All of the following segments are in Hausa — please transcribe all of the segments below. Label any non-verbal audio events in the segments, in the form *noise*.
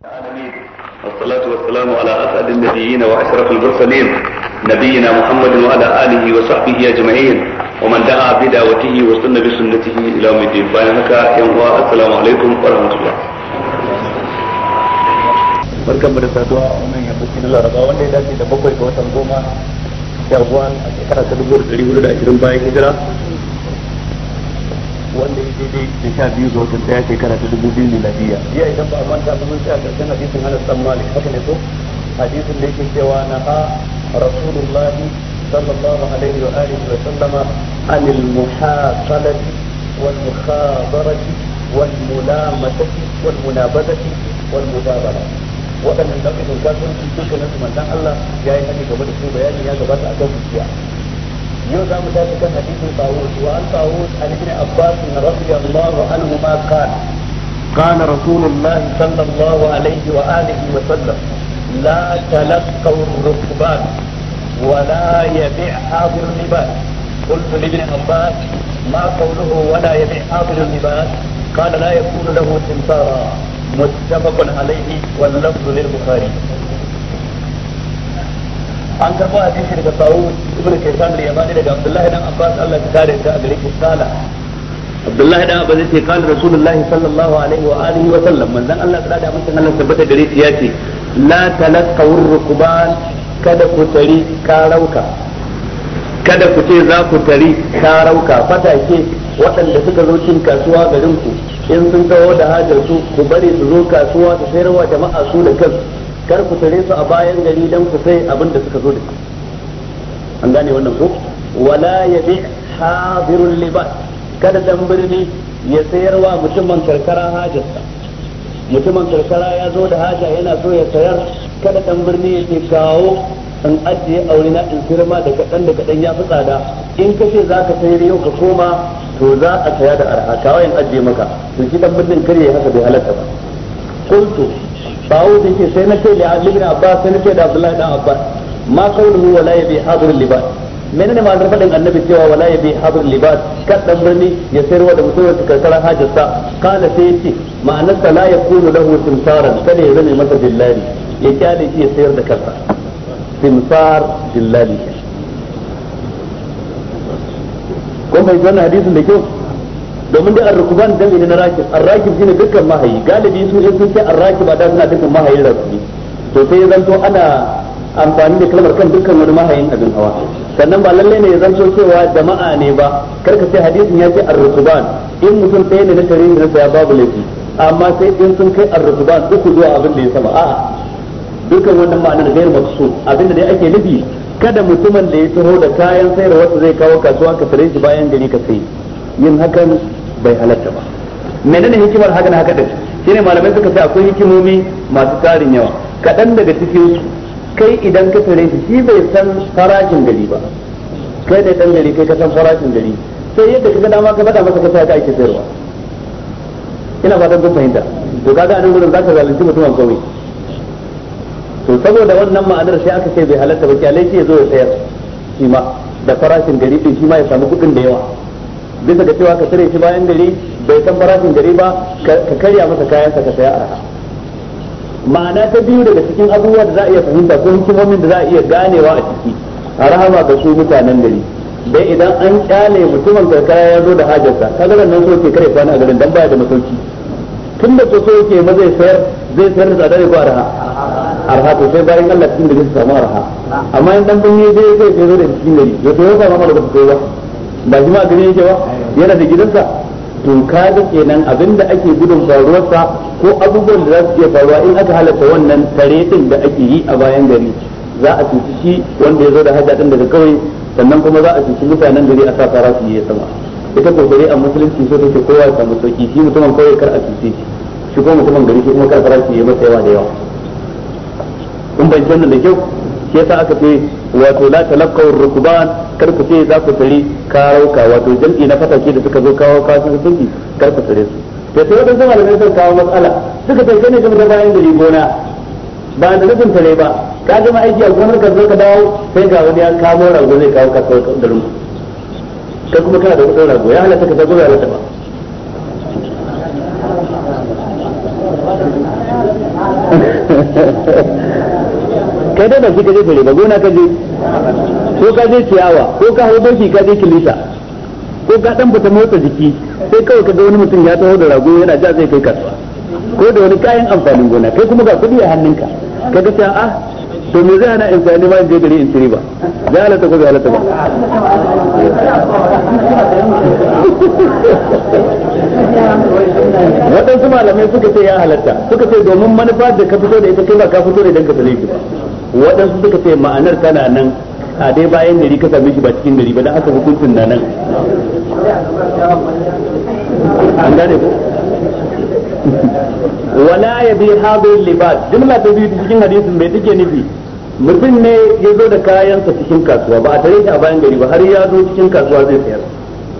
العالمين والصلاة والسلام على أسعد النبيين وأشرف المرسلين نبينا محمد وعلى آله وصحبه أجمعين ومن دعا بدعوته وسن بسنته إلى يوم الدين بينك يوم السلام عليكم ورحمة الله barkan mu da saduwa a wannan yammacin laraba wanda ya dace da bakwai ga watan goma shawwal a shekara ta dubu da ɗari hudu da ashirin bayan hijira wanda ya daidai da sha biyu ga watan daya shekara ta dubu biyu miladiya ya idan ba a manta ba mun tsaya karshen hadisin Anas bin Malik haka ne ko hadisin da yake cewa na a Rasulullah sallallahu alaihi wa alihi wa sallama anil muhasalati wal mukhabarati wal mulamatati wal munabazati wal mudabara waɗannan da kasuwanci na su manzon Allah ya yi hadi game da su bayani ya gabata a kan zuciya يؤتى مشاركا حديث طاووس وعن طاووس عن ابن عباس رضي الله عنهما قال قال رسول الله صلى الله عليه واله وسلم لا تلقوا الركبان ولا يبيع حاضر اللباس قلت لابن عباس ما قوله ولا يبيع حاضر اللباس قال لا يكون له سمسارا متفق عليه واللفظ للبخاري an karɓo jishi daga sawu ibn kaisan al-yamani daga abdullahi dan abbas Allah ya kare ta a gare ki sala abdullahi dan abbas yace kan rasulullahi sallallahu alaihi wa alihi wa sallam manzon Allah da mutum Allah tabbata gare shi yace la talaqaw ar-rukban kada ku tari karauka kada ku ce za ku tari karauka fatake waɗanda suka zo cin kasuwa garin ku in sun kawo da hajar su ku bari su zo kasuwa su sayarwa jama'a su da kansu kar ku tare su a bayan gari dan ku sai abin da suka zo da shi an gane wannan ko wala bi hadirul libat kada dan birni ya wa mutumin karkara hajarsa mutumin karkara ya zo da haja yana so ya sayar kada dan birni ya ce kawo in ajiye aure na in firma da kaɗan da kaɗan ya fi tsada in kace zaka za ka sayar yau ka koma to za a saya da arha kawai in ajiye maka to shi dan birnin kare haka bai halatta ba kuntu dawo da ke sai na ce da ibn abba sai na ce da abdullahi dan abba ma qawluhu wala yabi hadrul libas menene ma faɗin annabi cewa wala yabi hadrul libas kad dan birni ya sayarwa da mutum wata karkara hajarsa kana sai yace ma'anar sa la yakunu lahu timsaran kada ya zame masa dillali ya kyale shi ya sayar da kansa timsar dillali kun bai wannan hadisin da kyau domin da ar-rukban dan ne na rakib ar-rakib shine dukkan mahayi galibi su in sun ce ar da suna dukkan mahayin rakibi to sai zanto ana amfani da kalmar kan dukkan wani mahayin abin hawa sannan ba lalle ne ya zanto cewa jama'a ne ba karka sai hadisin ya ce ar-rukban in mutum sai ne na tare da sai babu laifi amma sai in sun kai ar-rukban uku zuwa abin da ya sama a'a dukkan wannan ma'anar da gairu maksu abin da dai ake nufi kada mutumin da ya taho da kayan sayarwa wanda zai kawo kasuwa ka tare shi bayan gari ka sai yin hakan bai halatta ba menene hikimar haka na haka shi ne malamai suka sai akwai hikimomi masu tarin yawa kaɗan daga cikin su kai idan ka tare shi shi bai san farashin gari ba kai da dan gari kai ka san farashin gari sai yadda kaga dama ka faɗa masa ka sai ka ake sayarwa ina fatan kun fahimta to kaga a gurin zaka zalunci mutumin kawai to saboda wannan ma'anar sai aka ce bai halatta ba kyalai shi ya zo ya sayar shi ma da farashin gari din shi ma ya samu kuɗin da yawa bisa ga cewa ka tare shi bayan gari bai san farashin gari ba ka karya masa kayan ka saya arha ma'ana ta biyu daga cikin abubuwa da za a iya fahimta ko hikimomin da za a iya ganewa a ciki arhama ga su mutanen gari dai idan an kyale mutumin karkara ya zo da hajarsa kaga nan so ke kare kwana a garin dan baya da masauki tun da so yake ma zai sayar zai sayar da tsada ko arha arha to sai bayan Allah cikin da zai samu arha amma in dan bin ne zai zai zo da cikin gari to sai ya samu malaka ko ba ba shi ma gari yake ba yana da gidansa to da kenan da ake gudun faruwarsa ko abubuwan da za su iya faruwa in aka halatta wannan tare din da ake yi a bayan gari za a cuci shi wanda ya zo da hajjatin daga kawai sannan kuma za a cuci mutanen gari a sa fara su yi sama ita ko gari a musulunci so take kowa ya samu sauki shi mutumin kawai kar a cuci shi shi ko mutumin gari shi kuma kar fara su yi masa yawa da yawa kun bayyana da kyau shi yasa aka ce wato la talaqaw rukban kar ku ce za ku tare karauka wato jam'i na fatake da suka zo kawo kasu sunni kar ku tare su to sai zama da zai kawo matsala suka tare ne game da bayan gari gona ba da nufin tare ba ka gama aiki a gonar ka zo ka dawo sai ga wani ya kawo rago zai kawo ka garin kai kuma kana da kudin rago ya halatta ka zo ya halatta ba dai ba shi ka je ba gona ka je ko ka je ciyawa ko ka hau doki ka je kilisa ko ka dan fita motsa jiki sai kawai ka ga wani mutum ya taho da rago yana ja zai kai kasuwa ko da wani kayan amfanin gona kai kuma ga kuɗi a hannunka ka ga cewa ah to me zai hana in sani ma in je gari in ci ba zai halatta ko bai halatta ba waɗansu malamai suka ce ya halatta suka ce domin manufa da ka fito da ita kai ba ka fito da idan ka ba waɗansu suka ce ma'anar tana nan a dai bayan gari ka same shi ba cikin gari ba don haka hukuncin na nan an gane ko wala ya bi hadin libas jumla ta biyu cikin hadisin bai take nufi mutum ne ya zo da kayansa cikin kasuwa ba a tare shi a bayan gari ba har ya zo cikin kasuwa zai sayar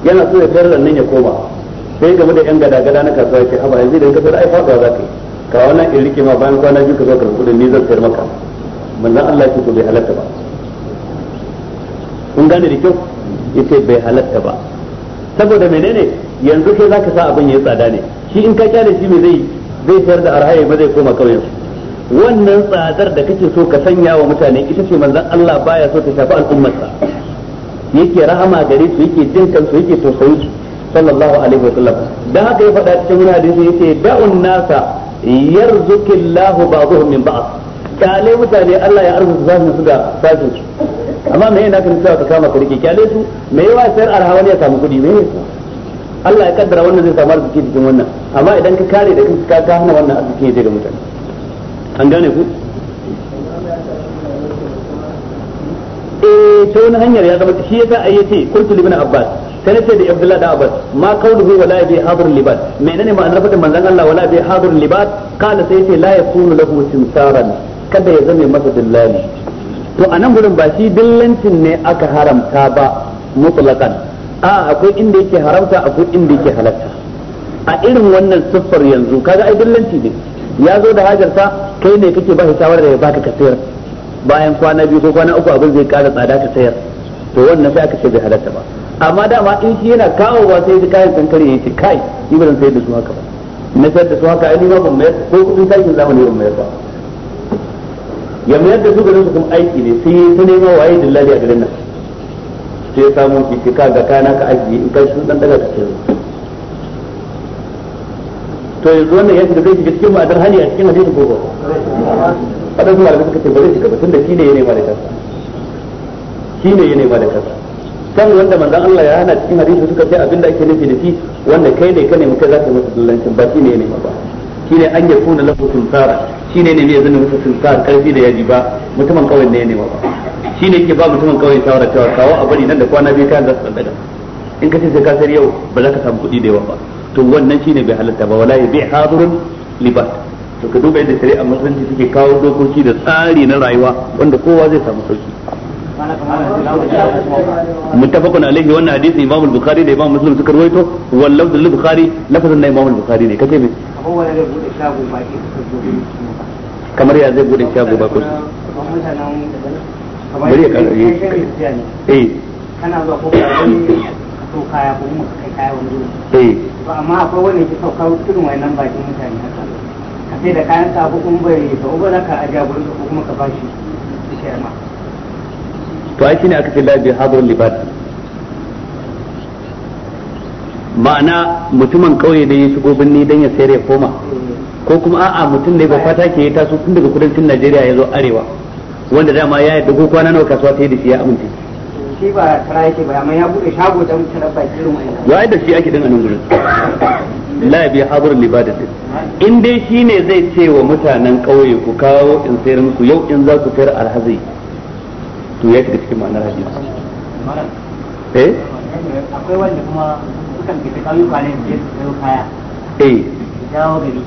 yana so ya sayar nan ya koma sai game da yan gada-gada na kasuwa ya ce haba yanzu da ka sayar ai faɗuwa za ka yi ka wani irin rike ma bayan kwana biyu ka zo karɓi kuɗin ni zan sayar maka manzon Allah ya ce bai halatta ba kun gane da kyau yace bai halatta ba saboda menene yanzu kai zaka sa abin ya tsada ne shi in ka kyale shi me zai zai sayar da arhaye ba zai koma kauyen wannan tsadar da kake so ka sanya wa mutane ita ce manzon Allah baya so ta shafi al'ummarsa yake rahama gare su yake jin kansu yake tausayin sallallahu alaihi wa sallam dan haka ya faɗa cikin wani hadisi yace da'un nasa yarzuqillahu ba'dhum min ba'd kyale mutane Allah ya arzuta zafin su da sakin su amma me yana kan cewa ka kama ka rike kyale su me yawa sayar arhawa ya samu kuɗi me Allah ya kaddara wannan zai samu arziki cikin wannan amma idan ka kare da kanka ka hana wannan arziki ya ga mutane an gane ku eh ta wani hanyar ya zama shi yasa ayi ce kuntu libna abbas sai ce da abdullah da abbas ma qawluhu wala bi hadr libat menene ma'anar fadin manzon Allah wala bi hadr libat kana sai ce la yakunu lahu simsaran kada ya zame masa dillali to a nan gudun ba shi dillancin ne aka haramta ba mutlaqan a akwai inda yake haramta akwai inda yake halatta a irin wannan siffar yanzu kaga ai dillanci ne ya zo da hajarta kai ne kake ba shi da ya baka ka sayar bayan kwana biyu ko kwana uku abin zai kara tsada ka sayar to wannan sai aka ce bai halatta ba amma dama in shi yana kawo ba sai kayan tankare ya ce kai Ibrahim sai da su haka ba na sayar da su haka ai ni ma ban mayar ko kudin takin zamani ban mayar ba ya mayar da su garin su kuma aiki ne sai ta nema waye dillali a garin nan sai ya samu fitika ga kana ka aiki in kai sun dan daga ka ce to yanzu wannan yanzu da kai shiga cikin ma'adar hali a cikin hadisi gobe fadan su malamai suka ce ba shiga ba tunda shine ya nema da kansa shine ya nema da kansa san wanda manzon Allah ya hana cikin hadisi suka ce abinda ake nufi da shi wanda kai ne ka nemi kai zaka ka masa dillancin ba shine ya nema ba shine an ya kuna lafu sulsara shine ne mai zan musu sulsar karfi da yaji ba mutumin kawai ne ne ba shine yake ba mutumin kawai shawara cewa kawo a bari nan da kwana biyu kayan za su in ka ce sai ka sayar yau ba za ka samu kuɗi da yawa ba to wannan shine bai halatta ba wallahi bai hadirun liba to ka duba yadda shari'a musulunci take kawo dokoki da tsari na rayuwa wanda kowa zai samu sauki muttafaqun alaihi wannan hadisi imam al-bukhari da imam muslim suka rawaito wal lafz al-bukhari lafazin na bukhari ne kace me kamar wani zai bude shago ba ke suka zo kamar ya zai bude shago ba kamar mutanen kamar ya eh kana zuwa ko ka so kaya ko mu kai kaya wani eh to amma akwai wani ke sauka wayannan bakin mutane haka ka sai da kayan ka aja gurin ko kuma ka bashi shi ma to ai shine aka ce bi hadrul libati ma'ana mutumin kauye da ya shigo birni dan ya sayar ya koma ko kuma a'a mutum da ya fata ke ya taso tun daga kudancin Najeriya ya zo arewa wanda dama ya yi dago kwana nawa kasuwa ta yi da shi ya aminta. shi ba kara yake ba amma ya bude shago don tarabba irin wannan wai da shi ake din anan gurin la bi hadur libadat in dai shi ne zai ce wa mutanen kauye ku kawo in sayar muku yau in za ku sayar alhazi to ya shiga cikin ma'anar hadisi eh akwai wanda kuma sukan fita ƙauyuka ne su sayo kaya eh dawo gari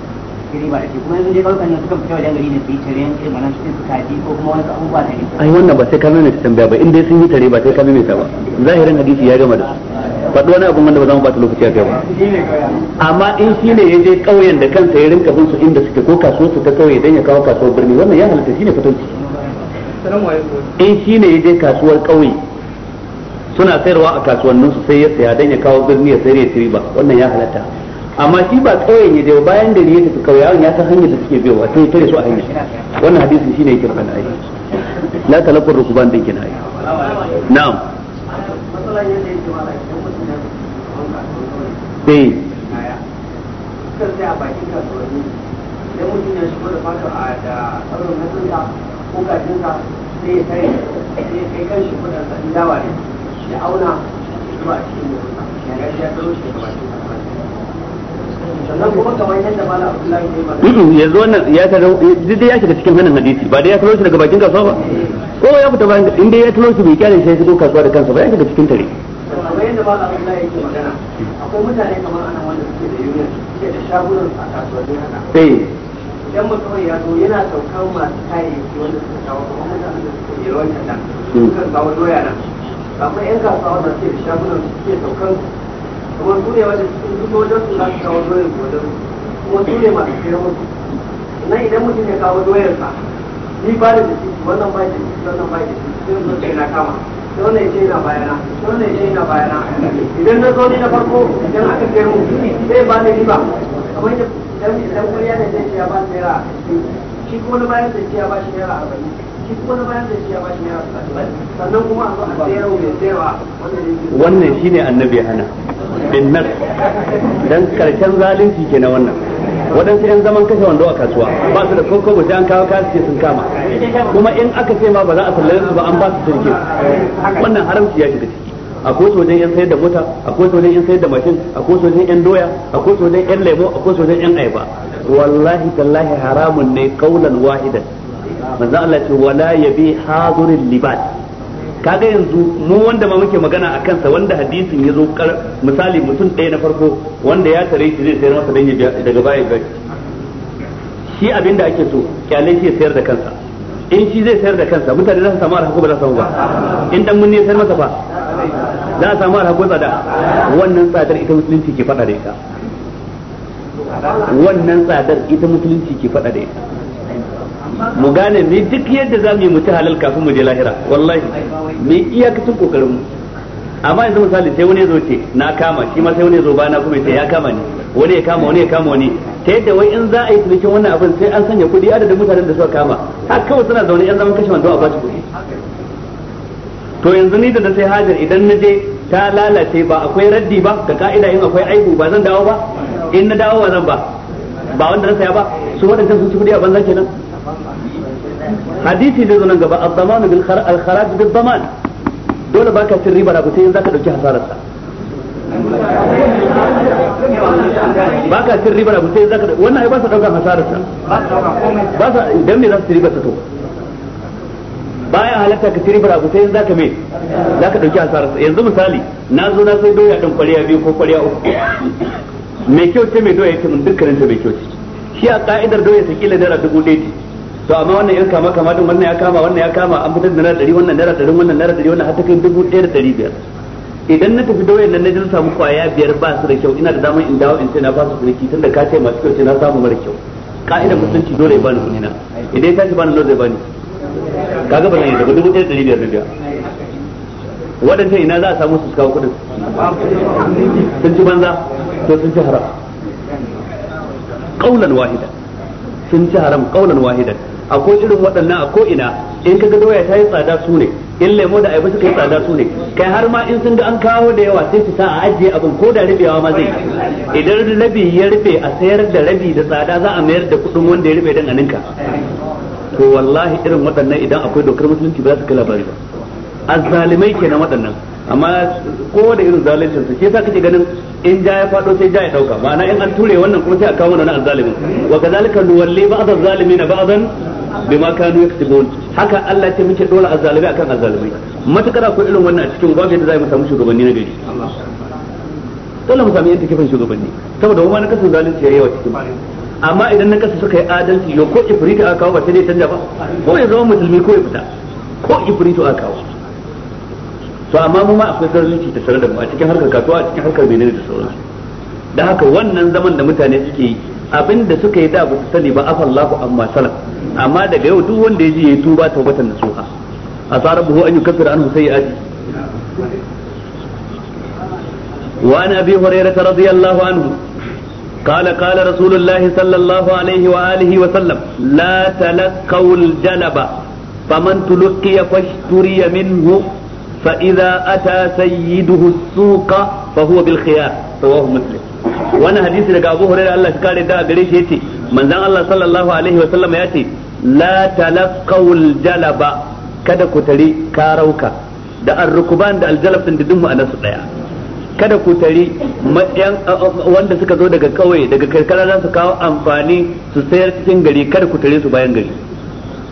gari ba da ke kuma yanzu ne sukan fita wajen gari ne su yi tare mana su su kaji ko kuma wani abubuwa da ne ai wannan ba sai ka mai tambaya ba sun yi tare ba sai ka ta ba zahirin hadisi ya gama da su faɗi wani wanda ba za mu bata lokaci a kai ba amma in shi ne ya je ƙauyen da kansa ya rinka bin su inda suke ko kasuwar su ta ƙauye don ya kawo kasuwar birni wannan ya shi ne fitanci in shi ne ya je kasuwar ƙauye suna sayarwa a kasuwannin su sai ya saya dan ya kawo birni ya sayar ya ci riba wannan ya halatta amma shi ba kauyen ya je bayan da ya tafi kauyawan ya san hanyar da suke biyowa sai ya tare su a hanya wannan hadisin shine yake magana ai la talaqur rukuban din kina ai na'am eh ko kajinsa sai ya sai ya kai kan shi kudin sa dawa ne ya auna zuwa cikin ya ga ya tsaro shi sannan kuma kamar abdullahi yanzu wannan ya ta duk dai ya shiga cikin hannun hadisi ba dai ya talo daga bakin kasuwa ba eh. ko ya fita bayan in dai ya talo bai kyale shi ya shigo kasuwa da kansa ba ya shiga cikin tare kamar yadda mala abdullahi yake magana akwai mutane kamar ana wanda suke da union suke da shagunan a kasuwanni haka eh. idan mutum ya zo yana saukar masu kayayyaki wanda suka kawo kamar mutanen da suke yi rawan kaɗan sukan kawo doya nan akwai yan kasuwa wanda ke da shagunan su suke saukan kamar su ne wajen cikin duk wajen su za su kawo doyar wajen kuma su ne masu kira musu sannan idan mutum ya kawo doyarsa ni ba da jiki wannan ba da jiki wannan ba da jiki sai zo ce na kama sai wannan ce na bayana sai wannan ce na bayana idan na zo ni na farko idan aka kai mu sai ba da riba kamar idan idan kuriya ne zai ce ya ba naira shi kuma na bayan zai ce ya ba shi naira arba'in wannan shi ne annabi hana bin nan dan karshen zalunci kenan wannan waɗansu 'yan zaman kashe wando a kasuwa ba su da koko sai an kawo kasu ce sun kama kuma in aka ce ma ba za a sallare su ba an ba su turke wannan haramci ya shiga ciki a ko wajen 'yan sayar da mota a ko wajen 'yan sayar da mashin a ko wajen 'yan doya a ko wajen 'yan lemo a ko wajen 'yan ayaba wallahi tallahi haramun ne kaulan wahidan manzo Allah ce wala yabi hadirul libat kaga yanzu mu wanda ma muke magana a kansa wanda hadisin ya zo kar misali mutum ɗaya na farko wanda ya tare shi zai sayar masa dan ya daga baya ga shi abinda ake so kyale shi sayar da kansa in shi zai sayar da kansa mutane za su samu arha ko ba za su samu ba in dan mun ne sayar masa ba za a samu arha ko tsada wannan tsadar ita musulunci ke faɗa da ita wannan tsadar ita musulunci ke fada da ita mu gane ni duk yadda za mu yi mutu halal kafin mu je lahira wallahi mu iyakacin kokarin mu amma yanzu misali sai wani zo ce na kama shi ma sai wani zo ba na kuma ce ya kama ni wani ya kama wani ya kama wani ta yadda wai in za a yi tunikin wannan abin sai an sanya kuɗi adadin mutanen da suka kama har kawai suna zaune yan zaman kashe wanda a bashi kuɗi to yanzu ni da na sai hajar idan na je ta lalace ba akwai raddi ba ga ka'ida yin akwai aibu ba zan dawo ba in na dawo ba zan ba ba wanda na saya ba su waɗancan sun ci kuɗi a banza kenan hadisi da nan gaba az-zamanu bil al-kharaj bil zaman dole baka cin riba ku sai in zaka dauki hasarar sa baka cin riba ku sai zaka wannan ai ba sa dauka hasarar sa ba sa idan me za su riba ta to baya halatta ka ciri bara sai za ka me za ka ɗauki asarar yanzu misali na zo na sai doya dan kwariya biyu ko kwariya uku me kyau ce me doya ce mun dukkanin ta mai kyau ce shi a ka'idar doya ta kila dara dubu ɗaya to amma wannan yan kama kama din wannan ya kama wannan ya kama an fitar da naira ɗari wannan naira ɗari wannan naira ɗari wannan har ta kai dubu ɗaya da ɗari biyar idan na tafi doyen nan na jin samu kwaya biyar ba su da kyau ina da damar in dawo in ce na fasa ciniki tunda ka ce masu kyau ce na samu mara kyau ka'ida musulunci dole ya bani kuɗi na idan ya tashi bani dole zai bani kaga ba zan yi daga dubu ɗaya da ɗari biyar na biya waɗancan ina za a samu su kawo kuɗin sun ci banza to sun ci haram ƙaunar wahida sun ci haram ƙaunar wahida akwai irin waɗannan a ko'ina in kaga doya ta yi tsada su ne in lemo da aibu suka yi tsada su ne kai har ma in sun ga an kawo da yawa sai su sa a ajiye abin ko da rubewa ma zai idan rabi ya rufe a sayar da rabi da tsada za a mayar da kuɗin wanda ya rufe dan a ninka to wallahi irin waɗannan idan akwai dokar musulunci ba su kai bari ba azzalimai kenan waɗannan amma kowa da irin zalincin su shi yasa kake ganin in ja ya fado sai ja ya dauka ma'ana in an ture wannan kuma sai a kawo wannan azzalimin wa kadhalika nuwalli ba'd azzalimin ba'dan bima kanu yaktubun haka Allah ce muke dora azzalumai akan azzalimai matakar ko irin wannan a cikin gobe da zai mu samu shugabanni na gari dole mu sami yadda kifin shugabanni saboda ma na kasu zalunci yayi wa cikin amma idan na kasu suka yi adalci yo ko ifrita aka kawo ba sai dai canja ba ko ya zama musulmi ko ya fita ko ifrita aka kawo to amma mu ma akwai zalunci ta sanar da mu a cikin harkar kasuwa a cikin harkar menene da sauransu da haka wannan zaman da mutane suke yi abinda suka yi da ba su sani ba afallahu amma salam. amma daga yau duk wanda ya ji yayi tuba tawbatan nasuha asarabahu an yukaffira anhu sayyi'ati وعن an هريره رضي الله عنه قال قال رسول الله صلى الله عليه واله وسلم لا تلقوا الجلب فمن تلقي فاشتري منه فاذا اتى سيده السوق فهو بالخيار رواه مسلم وانا حديث daga Abu Hurairah Allah ya kare da gare ya yace manzon Allah sallallahu alaihi wa sallam la talaqawul jalaba kada ku tari karauka da arrukuban da aljalab din da a nasu daya kada ku tari wanda suka zo daga kauye daga karkara za su kawo amfani su sayar cikin gari kada ku tare su bayan gari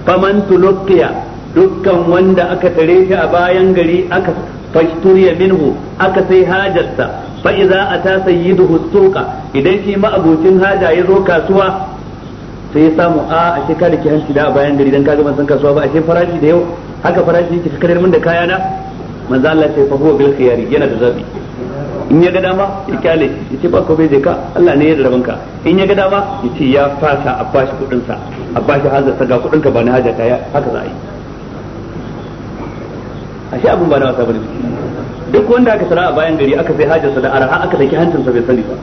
faman tulukiya dukkan wanda aka tare shi a bayan gari aka fashturiya minhu aka sai hajarsa fa idza ata sayyiduhu suqa idan shi ma abocin haja ya zo kasuwa sai ya samu a ashe ka da ke hanci da a bayan gari dan kaga ban san kasuwa ba a ashe farashi da yau haka farashi yake kakar min da kaya na manzo Allah sai fa huwa bil khiyari yana da zabi in ya ga dama ya kyale ya ce ba ko bai je ka Allah ne ya da rabanka in ya ga dama ya ce ya fasa a bashi kudin sa a bashi hazar ga kudin ka ba na haja ta haka za a yi ashe abun ba na wasa bane duk wanda aka sara a bayan gari aka sai hajarsa da araha aka saki hancinsa bai sani ba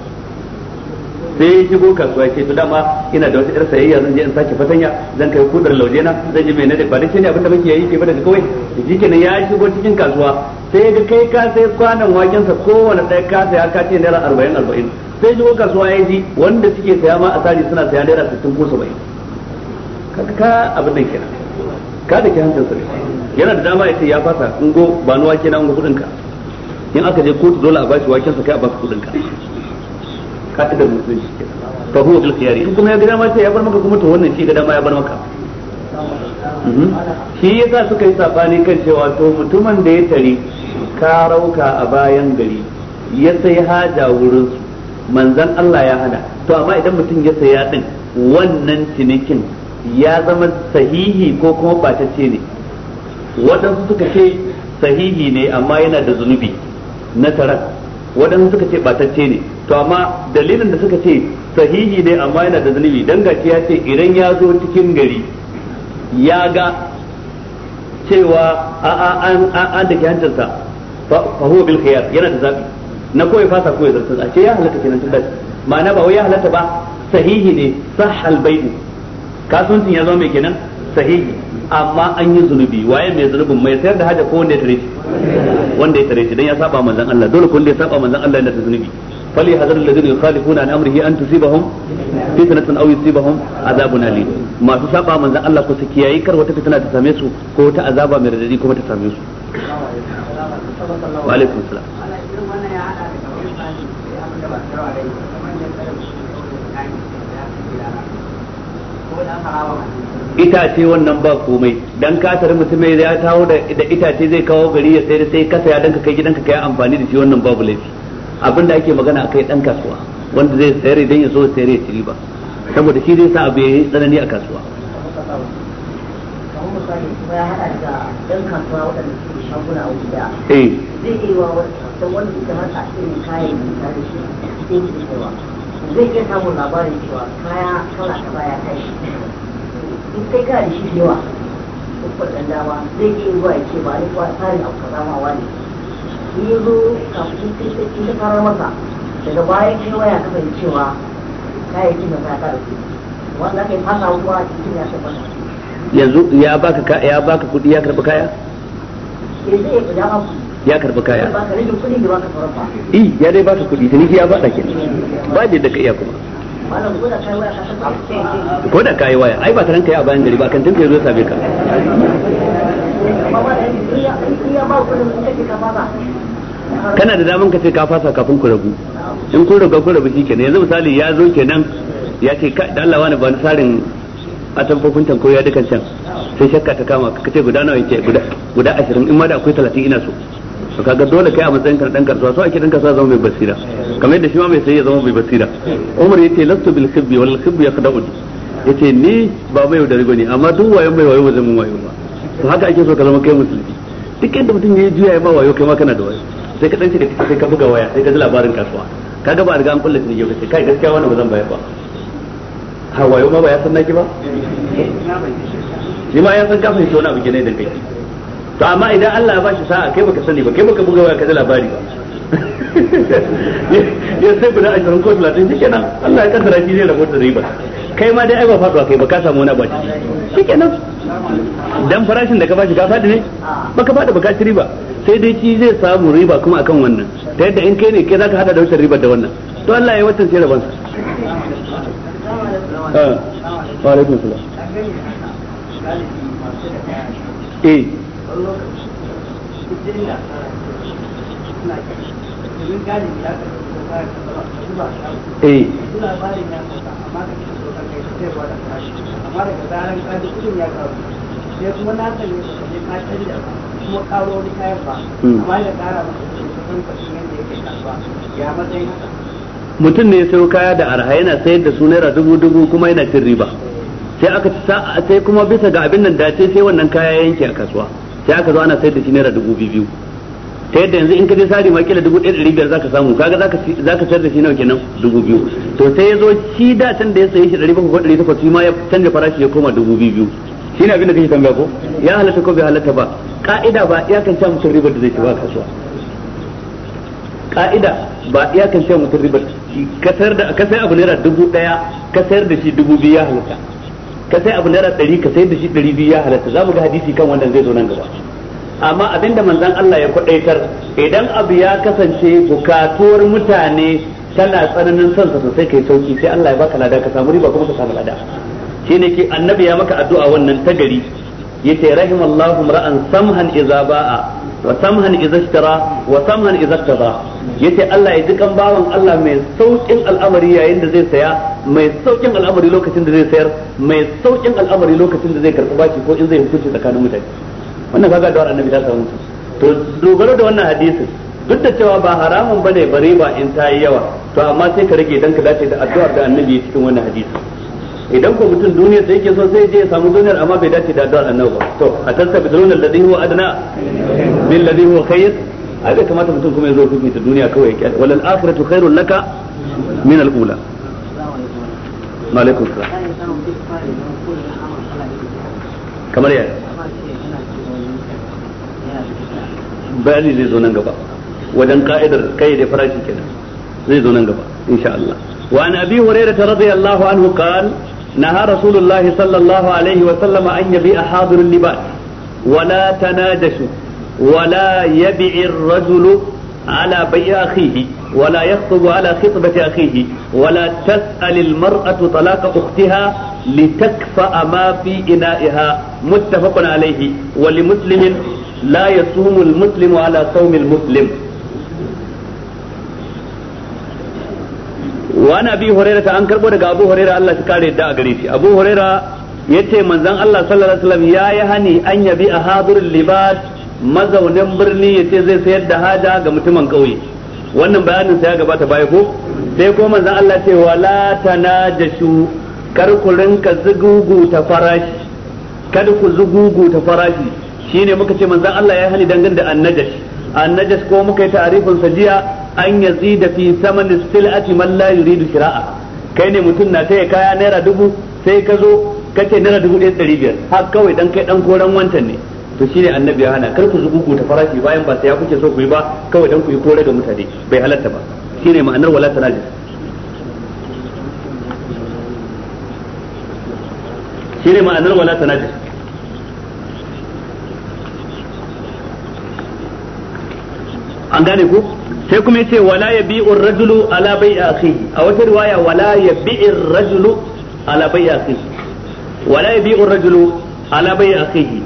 sai ya shigo kasuwa ya ce to dama ina da wata irsa yayya zan je in sake fatanya zan kai kudar lauje na zan je nade ba shi ne abin da muke yi ke ba daga kawai shikenan ya shigo cikin kasuwa sai ga kai ka sai kwanan waken sa kowanne ɗaya ka saya ka ce naira arba'in arba'in sai shigo kasuwa ya ji wanda suke saya ma a sari suna saya naira 60 ko 70 kaga ka abin nan kenan ka da ke hancin sa yana da dama ya ce ya fasa ungo ba ni wake na ungo kudin ka in aka je kotu dole a bashi waken sa kai a basu kudin ka Ka ka'idar musulunci fa huwa bil khiyari in kuma ya gada ma sai ya bar maka kuma to wannan shi gada ma ya bar maka mhm. shi yasa suka yi sabani kan cewa to mutumin da ya tare karauka a bayan gari ya sai haja wurin su manzan Allah ya hana to amma idan mutum ya saya din wannan cinikin ya zama sahihi ko kuma batacce ne waɗansu suka ce sahihi ne amma yana da zunubi na tarar waɗansu suka ce batacce ne to amma dalilin da suka ce sahihi ne amma yana da zunubi dan gaci ya ce idan ya zo cikin gari ya ga cewa a a an an da ke hancinsa fa huwa bil khiyar yana da zabi na koyi fasa koyi zartun a ce ya halatta kenan tun da ma'ana ba wai ya halatta ba sahihi ne sahal bai'u kasuwancin ya zo mai kenan sahihi amma an yi zunubi waye mai zunubin mai sayar da haja ko wanda ya tare shi wanda ya tare shi dan ya saba manzon Allah dole kun da ya saba manzon Allah yana da zunubi فليحذر الذين يخالفون عن امره ان تصيبهم فتنه او يصيبهم عذاب اليم ما سابا من الله كو سكياي كر وتا فتنه تسامي كو وتا عذاب من رددي كما تسامي وعليكم السلام itace wannan ba komai dan ka tare mutum ya tawo da itace zai kawo gari ya sai sai kasa ya danka kai gidanka kai amfani da shi wannan babu laifi abin da ake magana akai dan kasuwa wanda zai sayar idan ya so sayar ya ci saboda shi zai sa abu ya yi tsanani a kasuwa ya kasuwa zai iya samun labarin cewa kaya kala ka baya kai in kai kana da shi yawa dama zai iya zuwa ya ce ba ni tsarin abu kaza da su wanda yanzu ya baka ya baka kuɗi ya karba kaya eh, ya karba kaya i ya dai baka kuɗi tuni ya bada ba da da iya kuma ko da kayi waya ai ba taran kai a bayan gari ba kan tunke zo sabe ka kana da daman ka ce ka fasa kafin ku rabu in kun rabu kun rabu shikenan yanzu misali ya zo kenan ya ce ka da Allah wani ban ni sarin atamfofin tanko ya dukan can sai shakka ta kama ka ce guda nawa yake guda guda 20 in ma da akwai 30 ina so to kaga dole kai a matsayin ka dan karsuwa so ake dan sa zama mai basira kamar yadda shi ma mai sai ya zama mai basira Umar yace lastu bil khibbi wal khibbi yaqda'u yace ni ba mai da rigo ne amma duk wayo mai wayo ba zai mun wayo ba to haka ake so ka zama kai musulmi duk inda mutum ya juya ya ma wayo kai ma kana da wayo sai ka dan shiga ciki sai ka buga waya sai ka ji labarin kasuwa kaga ba a riga an kullace ne yau kai gaskiya wannan ba zan bayar ba ha wayo ma ba ya san naki ba shi ma ya san kafin fahimci wani abu ne da kai to amma idan Allah ya bashi sa'a kai baka sani ba kai baka buga waya ka ji labari ba *laughs* ya sai guda ashirin ko talatin shi kenan Allah ya kaddara shi ne da da riba kai ma dai ai ba faduwa kai ba ka samu wani abu a ciki shikenan dan farashin da ka bashi ka fadi ne baka fadi baka ci riba sai dai ki zai samu riba kuma akan wannan ta yadda in kai ne kai zaka hada da wannan ribar da wannan to Allah ya watan sai rabansa ah. wa alaikum salam eh Thank you. Eh. Hmm. mutum ne ya sayo kaya da arha yana sayar da su naira dubu dubu kuma yana cin riba sai aka sai kuma bisa ga abin nan dace sai wannan kaya yanke a kasuwa sai aka zo ana sayar da shi naira dubu biyu ta yadda yanzu in ka je sari ma kila dubu ɗari biyar zaka samu kaga zaka ka sayar da shi nawa kenan dubu biyu to sai ya zo shi da can da ya saye shi ɗari bakwai ko ɗari takwas shi ma ya canza farashi ya koma dubu biyu biyu shi ne abinda kake tambaya ko ya halatta ko bai halatta ba ka'ida ba ya kan samu mutum ribar da zai ci ba kasuwa ka'ida ba samu mutum ribar ka sayar da ka sayar abu naira dubu ɗaya ka sayar da shi dubu biyu ya halatta ka sayar abu naira ɗari ka sayar da shi ɗari biyu ya halatta za mu ga hadisi kan wannan zai zo nan gaba amma abinda manzon Allah ya kwadaitar idan abu ya kasance bukatuwar mutane tana tsananin son sa sosai kai sauki sai Allah ya baka lada ka samu riba kuma ka samu lada shine ke annabi ya maka addu'a wannan ta gari yace rahimallahu ra'an samhan idza ba'a wa samhan idza ishtara wa samhan idza qada yace Allah ya dukan bawan Allah mai saukin al'amari yayin da zai saya mai saukin al'amari lokacin da zai sayar mai saukin al'amari lokacin da zai karɓi baki ko in zai hukunci tsakanin mutane wannan kaga da annabi ta samu to dogaro da wannan hadisin duk da cewa ba haramun bane bare ba in ta yi yawa to amma sai ka rage dan ka dace da addu'ar da annabi cikin wannan hadisi idan ko mutum duniya sai yake so sai je ya samu duniyar amma bai dace da addu'ar annabi ba to a tastabiduna alladhi huwa adna bil ladhi huwa khayr a zai kamata mutum kuma ya zo ta duniya kawai wala. wal akhiratu khairul laka min al ula alaikum salam kamar yaya bayani zai zo nan gaba wajen ka'idar kayyade farashi kenan zai zo nan gaba insha Allah wa an abi hurairah radiyallahu anhu qal naha rasulullah sallallahu alaihi wa sallam an yabi ahadir libat ولا تنادش ولا يبع الرجل على بيع أخيه ولا يخطب على خطبة أخيه ولا تسأل المرأة طلاق أختها لتكفأ ما في إنائها متفق عليه ولمسلم la yasumu al-muslimu ala sawmi al-muslim wa ana bi hurairah ta an karɓo daga abu hurairah Allah ya kare da gare shi abu hurairah yace manzon Allah sallallahu alaihi wasallam yi hani an yabi a habir libas mazaunin birni yace zai sayar da haja ga mutumin kauye wannan bayanin sa ya gabata baya ko sai ko manzon Allah ce wala tanajashu kar ku rinka zugugu ta farashi ku zugugu ta farashi Shi ne muka ce manzan Allah ya hali dangane da annajash annajash ko muka yi ta'arifin sa jiya an da fi saman sil'ati man la yuridu shira'a kai ne mutum na sai kaya naira dubu sai ka zo kace naira dubu ɗaya ɗari biyar har kawai dan kai dan koran wancan ne to shi ne annabi ya hana kar ku zuku ta farashi bayan ba sai ya kuke so ku yi ba kawai dan ku yi kore ga mutane bai halatta ba ne ma'anar wala tanajis ne ma'anar wala tanajis an gane ku sai kuma yace wala yabi'u ar-rajulu ala bai'i akhihi a wata riwaya wala yabi'u ar-rajulu ala bai'i akhihi wala yabi'u ar-rajulu ala bai'i akhihi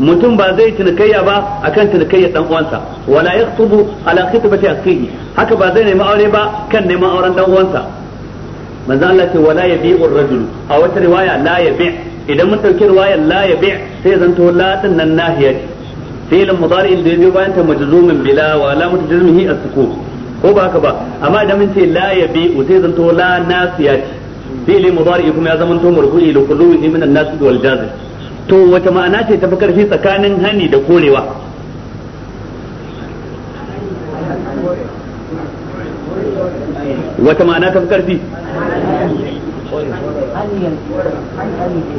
mutum ba zai cinikayya ba akan cinikayyar dan uwansa wala yaktubu ala khitbati akhihi haka ba zai nemi aure ba kan neman auren dan uwansa manzo Allah ce wala yabi'u ar-rajulu a wata riwaya la yabi' idan mun dauki riwayar la yabi' sai zanto la din nan nahiya fi'il mudari da yazo bayan ta majzumin bila wa alamatu jazmihi as-sukun ko ba haka ba amma idan mun ce la yabi'u sai zanto la nasiyati fi'il mudari kuma ya zamanto marfu'i li kulluhi min an-nas wal jazm to wata ma'ana ce tafi karfi tsakanin hani da korewa wata ma'ana tafi karfi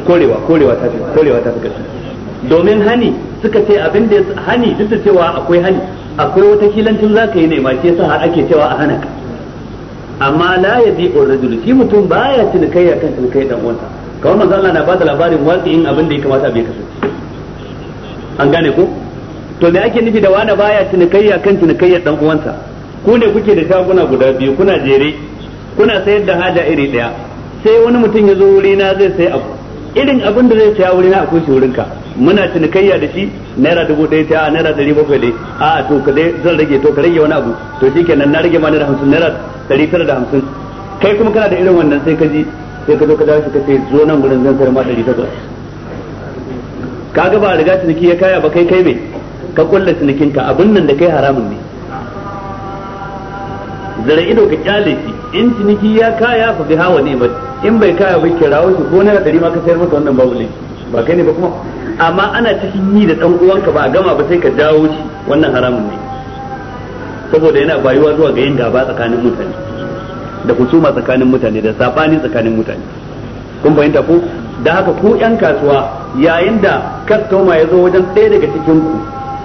korewa ta korewa ta fi karfi domin hani suka ce abin da hani duk da cewa akwai hani akwai wata kilancin za ka yi nema ma ke sa har ake cewa a hana ka amma la ya bi rajul shi mutum baya cinikayya kan cinikayya dan uwansa kamar manzo Allah na da labarin in abin da ya kamata a bai kasance an gane ko to me ake nufi da wani baya cinikayya kan cinikayya dan uwansa ku ne kuke da shaguna guda biyu kuna jere kuna sayar da haja iri daya sai wani mutum ya zo wuri na zai sai abu irin abin da zai saya wuri na akwai shi wurinka muna cinikayya da shi naira dubu ɗaya ta naira ɗari bakwai ne a to ka dai zan rage to ka rage wani abu to shi kenan na rage ma naira hamsin naira ɗari tara da hamsin kai kuma kana da irin wannan sai ka ji sai ka zo ka dawo shi ka ce zo nan gurin zan sayar ma ɗari takwas kaga ba riga ciniki ya kaya ba kai kai me ka kulla cinikin ka abin nan da kai haramun ne zara ido ka kyale shi in ciniki ya kaya ku bi hawa ne in bai kaya ba kira wasu ko naira ɗari ma ka sayar masa wannan babu laifi ba kai ne ba kuma amma ana cikin yi da dan uwanka ba a gama ba sai ka jawo shi wannan haramun ne saboda yana bayuwa zuwa ga yin gaba tsakanin mutane da kusuma tsakanin mutane da sabani tsakanin mutane kun fahimta ko da haka ku yan kasuwa yayin da kastoma ya zo wajen ɗaya daga cikin ku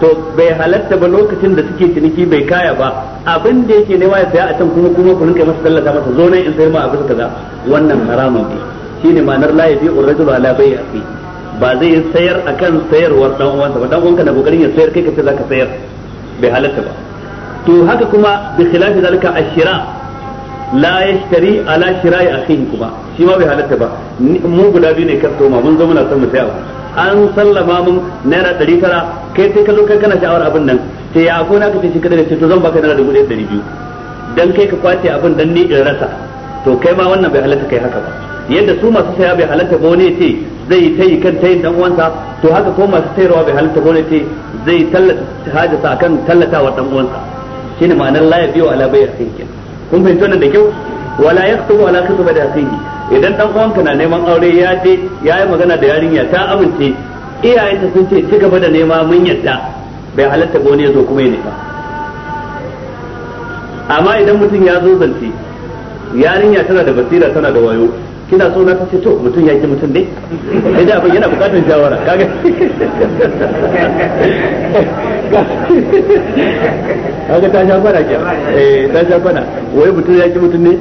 to bai halatta ba lokacin da suke ciniki bai kaya ba abin da yake nema ya saya a can kuma kuma ku rinka masa tallata masa zo nan in sai ma a kaza wannan haramun ne shine ma'anar la yabi urrajulu ala bai'i ba zai sayar akan sayarwar dan uwansa ba dan uwanka na kokarin ya sayar kai ka za ka sayar bai halatta ba to haka kuma bi khilafi zalika ashira la yashtari ala shira'i akhihi kuma shi ma bai halatta ba mu guda biyu ne ma mun zo muna son mu sayar an sallama mun naira ɗari tara kai sai ka zo kai kana sha'awar abin nan te ya ko na kace shi kada da ce to zan baka naira dubu ɗaya ɗari biyu dan kai ka kwace abin dan ni in rasa to kai ma wannan bai halatta kai haka ba yadda su masu saya bai halatta ba wani ce zai ta yi kan tayin dan uwansa to haka ko masu sayarwa bai halatta ba wani ce zai tallata sa akan tallatawa dan uwansa shine ma'anar la yabiu ala bai'i akhihi kun fahimci wannan da kyau wala yaktubu ala khitba da akhihi idan dan uwanka na neman aure ya je ya yi magana da yarinya ta amince ta sun ce ci gaba da nema mun yadda bai halatta ba wani ya zo kuma ya nema amma idan mutum ya zo zance yarinya tana da basira tana da wayo kina so na ta ce to mutum ya ki mutum ne sai da abin yana bukatar shawara kaga kaga ta sha kwana ke eh ta sha kwana wai mutum ya ki mutum ne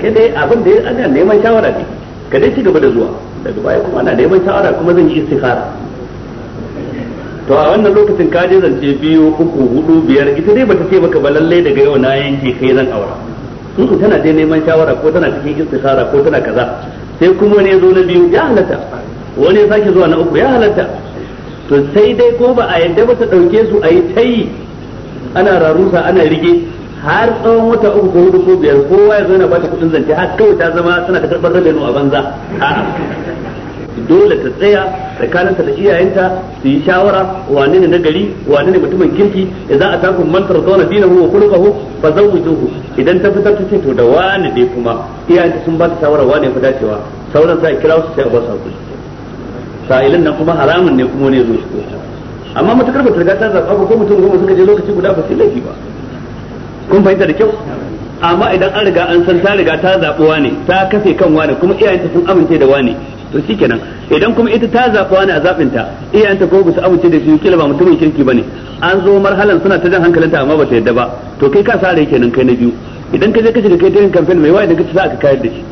kai dai abin da ana neman shawara ne ka dai ci gaba da zuwa daga baya kuma ana neman shawara kuma zan yi istikhara to a wannan lokacin ka je zance biyu uku hudu biyar ita dai bata ce maka ba lalle daga yau na yanke kai zan aura in tana dai neman shawara ko tana cikin istikhara ko tana kaza sai kuma wani ya zo na biyu ya halatta wani ya sake zuwa na uku ya halatta to sai dai ko ba a yadda ba ta ɗauke su a yi tayi ana rarusa ana rige har tsawon wata uku ko hudu ko biyar kowa ya zo yana ta kudin zance har kawai ta zama tana ta karɓar rabenu a banza dole ta tsaya tsakaninta da iyayenta su yi shawara wane ne nagari wane ne mutumin kirki za a taku mantar zauna dinahu wa kulqahu fa zawwijuhu idan ta fitar ta ce to da wane dai kuma iyayenta sun ba ta shawara wane fa dacewa sauran za a kira su sai a ba su sa'ilin nan kuma haramun ne kuma ne zo shi amma matakar ba ta riga ta zaɓa ba ko mutum goma suka je lokaci guda ba sai laifi ba kun fahimta da kyau amma idan an riga an san ta riga ta zaɓi wane ta kafe kan wane kuma iyayenta sun amince da wane to shikenan idan kuma ita ta zaɓa wani a zaɓin ta iyayenta ko su amince da shi kila ba mutumin kirki bane an zo marhalan suna ta jan hankalinta amma ba ta yadda ba to kai ka sare kenan kai na biyu idan ka je ka shiga kai ta yin kamfen mai waye da kace za ka kayar da shi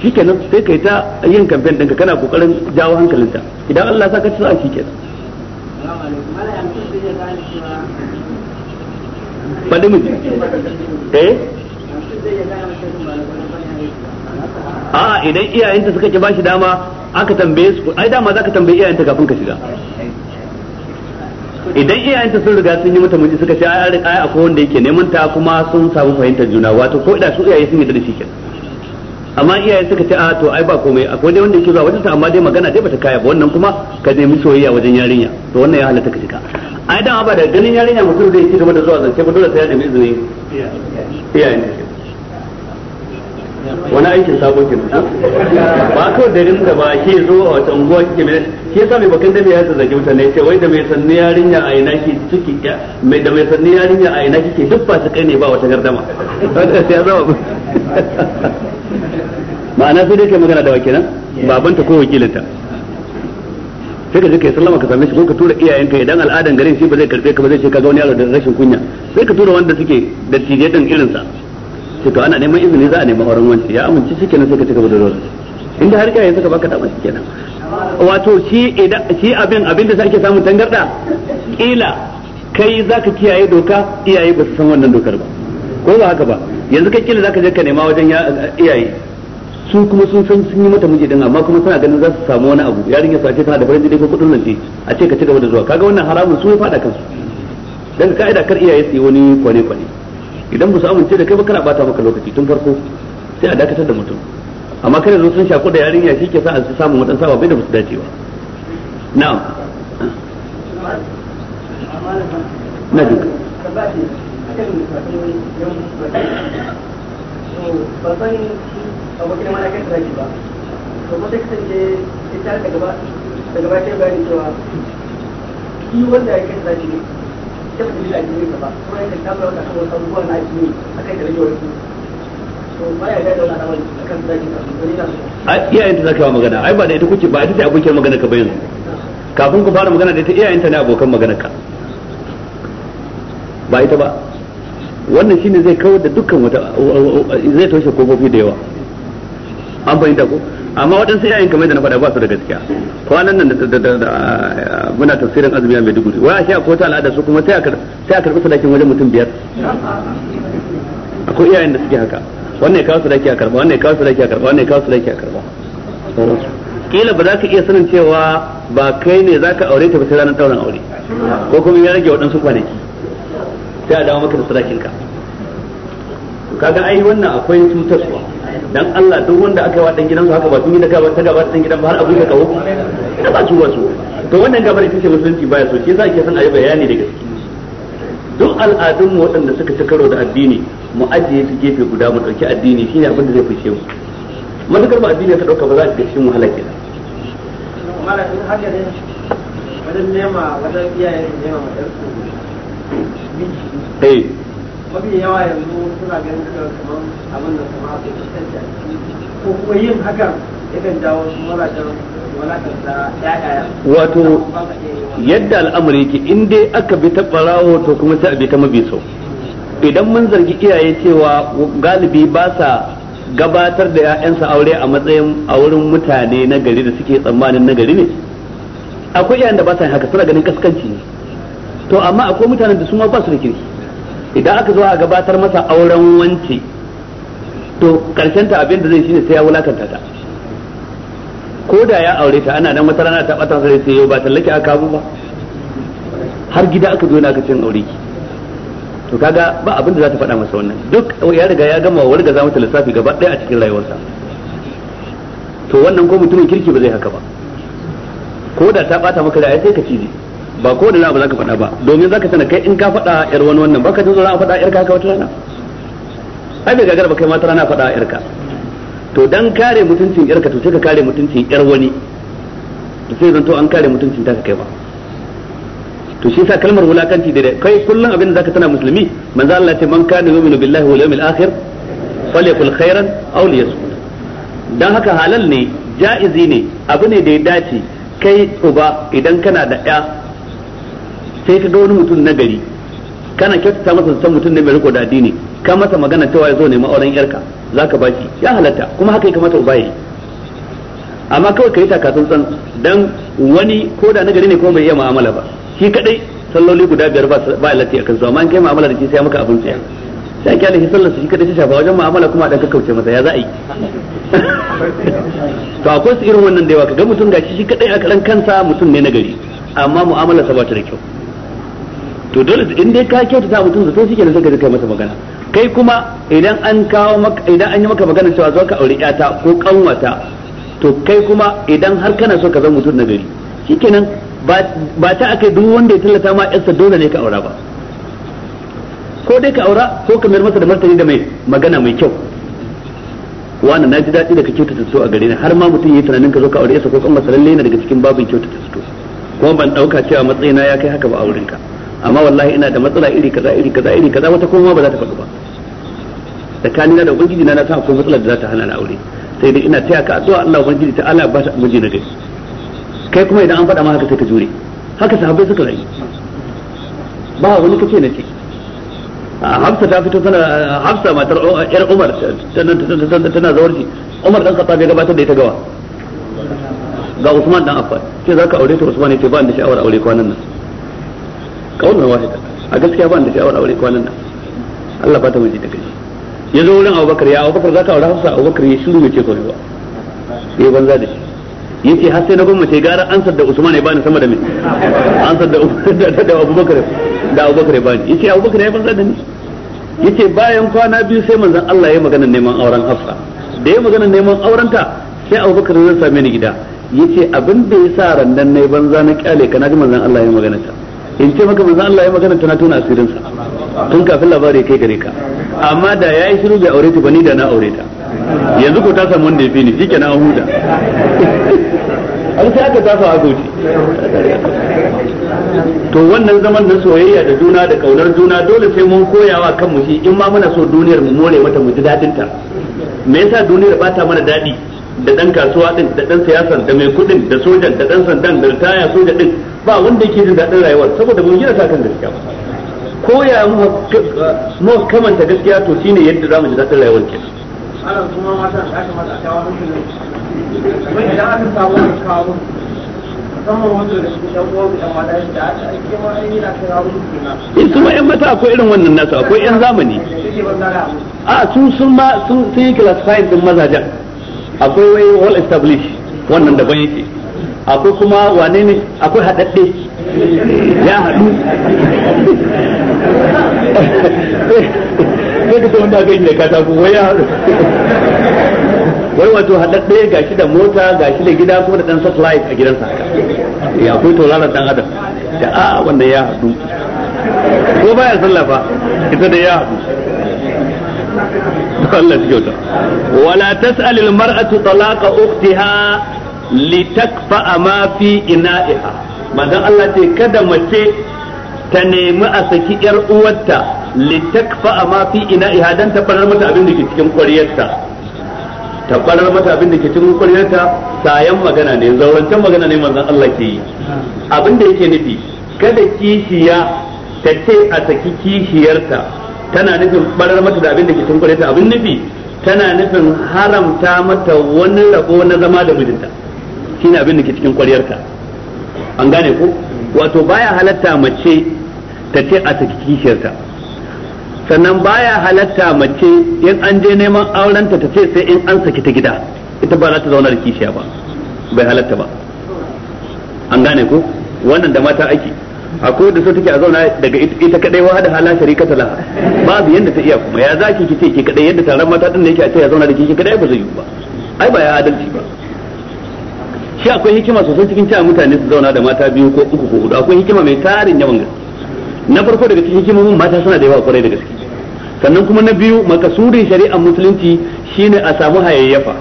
shikenan sai kai ta yin kamfen ɗinka kana kokarin jawo hankalinta idan Allah sa ka ci sa'a shikenan eh a idan iyayenta suka ki bashi dama aka tambaye su ai dama zaka tambaye iyayenta kafin ka shiga idan iyayenta sun riga sun yi mata miji suka ce ai ai akwai wanda yake neman ta kuma sun samu fahimtar juna wato ko da su iyaye sun yi da shi kenan amma iyaye suka ce a to ai ba komai akwai dai wanda yake zuwa wajen ta amma dai magana dai bata kaya ba wannan kuma ka nemi soyayya wajen yarinya to wannan ya halatta ka shiga ai dama ba da ganin yarinya mutum zai ci gaba da zuwa zance ba dole sai ya nemi izini iyaye wani aikin sabo ke nan ba kawai da rinka ba ke zo a wata unguwa kike mai shi yasa mai bakan da mai yasa zage mutane ce wai da mai sanni yarinya a ina ki ciki mai da mai sanni yarinya a ina kike duk ba su kai ne ba wata gardama ma'ana sai dai kai magana da wakilan babanta ko wakilinta sai ka je kai sallama ka same shi ko ka tura ka idan al'adan garin shi ba zai karbe ka ba zai ce ka ga wani yaro da rashin kunya sai ka tura wanda suke da tije din irinsa ce to ana neman izini za a neman auren wance ya amince shi kenan sai ka cigaba da dole inda har yanzu ka baka damar kenan wato shi idan shi abin abin da sake samun tangarda kila kai zaka kiyaye doka iyaye ba su san wannan dokar ba ko ba haka ba yanzu kai kila zaka je ka nema wajen iyaye su kuma sun san sun yi mata miji din amma kuma suna ganin za su samu wani abu yarinya su ce tana da farin jini ko kudin lantarki a ce ka ci gaba da zuwa kaga wannan haramun su ya fada kansu dan ka'ida kar iyaye su yi wani kwane kwane idan ba su amince da kai ba kana bata maka lokaci tun farko sai a dakatar da mutum amma kada zo sun shaku da yarinya shi ke sa a samu wadan sawa bai da su dace ba na'am na duka ba ya fi da addini ba kuma abubuwa na kai da rage iyayen ta za ka yi magana ai ba da ita kuke ba ita ce abokin magana ka bayan kafin ku fara magana da ita iyayen ta ne abokan magana ka ba ita ba wannan shine zai kawar da dukkan wata zai toshe kofofi da yawa an fahimta ko amma waɗansu yayin kamar da na faɗa ba su da gaskiya kwanan nan da muna tafsirin azumi a Maiduguri wa shi ko ta al'ada su kuma sai a karɓi sadakin wajen mutum biyar akwai iyayen da suke haka wannan ya kawo sadaki a karɓa wannan ya kawo sadaki a karɓa wannan ya kawo sadaki a karɓa kila ba za ka iya sanin cewa ba kai ne za ka aure ta ba sai ranar ɗaurin aure ko kuma ya rage waɗansu kwanaki sai a dawo maka da sadakinka kaga ai wannan akwai cutarwa dan Allah duk wanda aka yi wa dan gidansu haka ba sun yi da kawai ta gaba ta gidan ba har abu ka kawo ina ba su wasu to wannan gabar ita ce musulunci baya so shi yasa ake son a yi bayani da gaske duk al'adun mu wadanda suka ci karo da addini mu ajiye su gefe guda mu dauki addini shine abin da zai fushe mu matukar ba addini ta dauka ba za a shiga mu wahala ba wajen nema wajen iyayen nema ma mafi yawa yanzu suna ganin cewa kamar abin da kuma ko kuma yin hakan yakan jawo su mazajen wato yadda al'amari yake in dai aka bi ta barawo to kuma sai a bi ta mabi sau idan mun zargi iyaye cewa galibi ba sa gabatar da 'ya'yansa aure a matsayin a wurin mutane na gari da suke tsammanin na gari ne akwai iyayen da ba sa haka suna ganin kaskanci ne to amma akwai mutanen da su ma ba su da kirki idan aka zo a gabatar masa auren wance to karshen ta abin da zai shine sai ya wulakanta ta ko da ya aure ta ana nan wata rana ta bata sai sai yau ba tallake aka kabu ba har gida aka zo na aka cin aure ki to kaga ba abin da za ta faɗa masa wannan duk ya riga ya gama wurga za mata lissafi gaba ɗaya a cikin rayuwarsa to wannan ko mutumin kirki ba zai haka ba ko da ta bata maka da ai sai ka cije ba ko da abu zaka faɗa ba domin zaka sanar kai in ka faɗa yar wani wannan baka jin zuwa a faɗa yar kaka wata rana ai bai gagara ba kai mata rana faɗa yar ka to dan kare mutuncin yar ka to sai ka kare mutuncin yar wani to sai zanto an kare mutuncin ta kai ba to shi sa kalmar wulakanci da kai kullum abin da zaka tana musulmi manzo Allah ce man kana yu'minu billahi wal yawmil akhir falyakul khairan aw liyasmut dan haka halal ne ja'izi ne abu ne da ya dace kai uba idan kana da ya sai ka ga wani mutum na gari kana kyautata masa san mutum ne mai riko da addini ka masa magana cewa ya zo ne auren yarka zaka ba shi ya halatta kuma haka ya kamata uba yi amma kawai ka yi san dan wani ko da na gari ne kuma bai iya mu'amala ba shi kadai salloli guda biyar ba ba lati akan su amma in kai mu'amala da shi sai maka abin tsaya sai kyale shi sallar su shi kadai shi shafa wajen mu'amala kuma dan kauce masa ya za a yi *laughs* to akwai su irin wannan da yawa kaga mutum gashi shi kadai a karan kansa mutum ne na gari amma mu'amala ba ta da kyau to dole in dai ka ta mutum zato shike sai ka kai masa magana kai kuma idan an kawo maka idan an yi maka magana cewa zo ka aure yata ko kanwata to kai kuma idan har kana so ka zama mutum na gari shikenan ba ta akai duk wanda ya tallata ma yarsa dole ne ka aura ba ko dai ka aura ko ka mayar masa da martani da mai magana mai kyau wani na ji daɗi da ka kyautata so a gare ni har ma mutum ya yi tunanin ka zo ka aure yarsa ko kanwata lalle yana daga cikin babin kyautata so kuma ban ɗauka cewa matsayina ya kai haka ba a ka amma wallahi ina da matsala iri kaza iri kaza iri kaza wata kuma ba za ta faɗi ba tsakanina da ubangiji na na san akwai matsalar da za ta hana na aure sai dai ina taya ka addu'a Allah ubangiji ta Allah ba ta miji na dai kai kuma idan an faɗa ma haka sai ka jure haka sahabbai suka rayu ba wani kace na Hafsa ta fito tana Hafsa matar yar Umar tana zawarci Umar dan Khattab ya gabatar da ita gawa ga Usman dan Affan ce zaka aure ta Usman ne ce ba da sha'awar aure kwanan nan kaunar wahida a gaskiya ba da shi sha'awar aure kwanan nan Allah ba ta miji da gashi ya zo wurin Abubakar ya Abubakar za ka aure Hafsa Abubakar ya shiru ce komai ba sai banza da shi yace har sai na gwamnati gara an sadda Usman ya bani sama da me an sadda da Abubakar da Abubakar ya bani yace Abubakar ya banza da ni yace bayan kwana biyu sai manzon Allah ya magana neman auren Hafsa da ya magana neman aurenta sai Abubakar zai same ni gida yace abin da ya sa randan nayi banza na kyale kana ji manzon Allah ya magana ta in ce maka manzo Allah ya magana tana tona asirin sa tun kafin labari kai gare ka amma da ya yi shiru bai aure ta bani da na aure ta yanzu ko ta samu wanda ya fi ni shike na huda an sai aka tafa a goji to wannan zaman na soyayya da juna da kaunar juna dole sai mun koyawa kanmu shi in ma muna so duniyar mu more mata mu ji dadin ta me yasa duniyar ba ta mana dadi da dan kasuwa din da dan siyasar da mai kudin da sojan da dan sandan da ritaya soja din ba wanda yake jin daɗin rayuwar saboda mun gina ta kan gaskiya ba ko ya mu kamanta gaskiya to shine yadda zamu ji daɗin rayuwar ke. kuma ne idan samu kawo in kuma yan mata akwai irin wannan nasu akwai yan zamani a sun sun ma sun yi classifying din mazajen akwai wai all established wannan daban yake akwai kuma wane ne akwai haɗaɗɗe ya haɗu *laughs* sai ka wanda aka yi da katako wai ya wai wato haɗaɗɗe ga shi da mota ga shi da gida kuma da ɗan satellite a gidansa haka ya akwai tauraron ɗan adam da a wanda ya haɗu ko baya sallah ita da ya haɗu *laughs* Allah shi kyauta wala tas'alil mar'atu talaqa ukhtiha litakfa ma fi ina'iha manzon Allah ce kada mace ta nemi a saki yar uwarta litakfa ma fi ina'iha dan ta farar mata abin da ke cikin ƙwaryarta ta farar mata abin da ke cikin ƙwaryarta sayan magana ne zaurantan magana ne manzon Allah ke yi abin da yake nufi kada kishiya ta ce a saki kishiyarta tana nufin barar mata da abin da ke cikin ƙwaryarta abin nufi tana nufin haramta mata wani rabo na zama da mijinta shine abin da ke cikin kwaryarka an gane ko wato baya halatta mace ta ce a saki kishiyarta sannan baya halatta mace in an je neman aurenta ta ce sai in an saki ta gida ita ba za ta zauna da kishiya ba bai halatta ba an gane ko wannan da mata ake akwai da so take a zauna daga ita kadai wa da hala shari'a ta laha babu yanda ta iya kuma ya zaki ki ce ki kadai yadda taron mata din ne yake a ce ya zauna da kishi kadai ba zai yi ba ai ba ya adalci ba shi akwai hikima sosai cikin cewa mutane su zauna da mata biyu ko uku ko hudu akwai hikima mai tarin yawan gaske na farko daga cikin hikimomin mata suna da yawa kwarai da gaske sannan kuma na biyu makasudin shari'ar musulunci shine a samu hayayyafa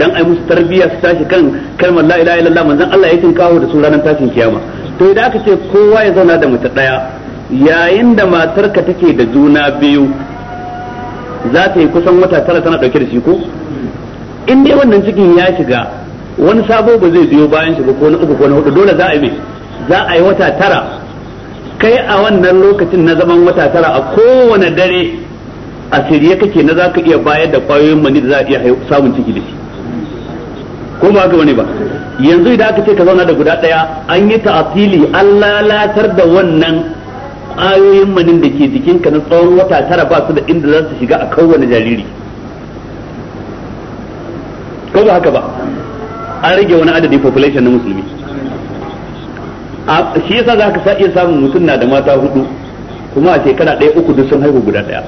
dan ai musu tarbiyya su tashi kan kalmar la ilaha illallah manzon Allah ya yakin kawo da su ranar tashin kiyama to idan aka ce kowa ya zauna da mace daya yayin da matarka take da juna biyu za ta yi kusan wata tara tana dauke da shi ko in dai wannan cikin ya shiga wani sabo ba zai biyo bayan shi ba ko na uku ko na hudu dole za a yi za a yi wata tara kai a wannan lokacin na zaman wata tara a kowane dare a shirye kake na za ka iya bayar da kwayoyin mani da za a iya samun ciki da shi ko ba haka wani ba yanzu idan aka ce ka zauna da guda daya an yi ta'atili an lalatar da wannan kwayoyin manin da ke jikinka na tsawon wata tara ba su da inda za su shiga a kowane jariri ko ba haka ba an rage wani adadi population na musulmi shi yasa za ka iya samun mutum na da mata hudu kuma a shekara ɗaya uku duk sun haihu guda ɗaya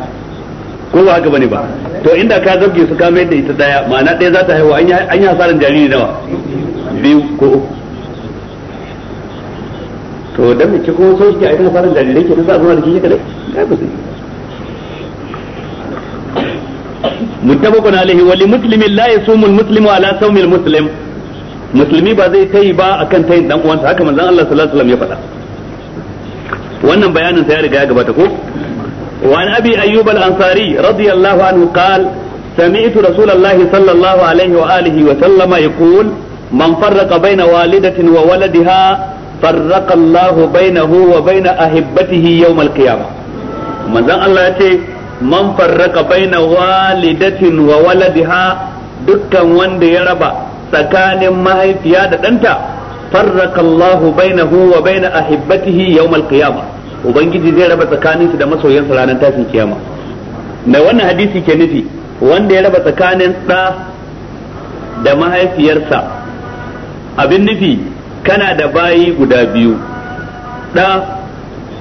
ko ba haka bane ba to inda ka zabge su ka mai da ita ɗaya ma'ana ɗaya za ta haihu an yi hasaran jariri nawa biyu ko uku to dan me ki kuma so ki a yi hasaran jarirai ke za zuwa da kike kadai ga ba sai متفق wali muslimin la yasumul muslimu ala صوم muslim musulmi ba zai kai ba akan tayin dan uwansa haka manzon Allah sallallahu alaihi wasallam ya faɗa wannan bayanin sa ya riga ya gabata ko wa abi ayyub al ansari radiyallahu anhu qal sami'tu rasulullah sallallahu alaihi wa alihi wa sallama yaqul man farraqa baina walidatin wa waladiha farraqa Allah bainahu wa baina ahibbatihi yawm al qiyamah manzon Allah ya ce man farraqa baina walidatin wa waladiha dukkan wanda ya raba tsakanin mahaifiya da ɗanta farraka Allahu bainahu wa baina ahibbatihi yawmal qiyamah ubangiji zai raba tsakanin su da masoyansa ranar tashin kiyama na wannan hadisi ke nufi wanda ya raba tsakanin ɗa da mahaifiyarsa abin nufi kana da bayi guda biyu ɗa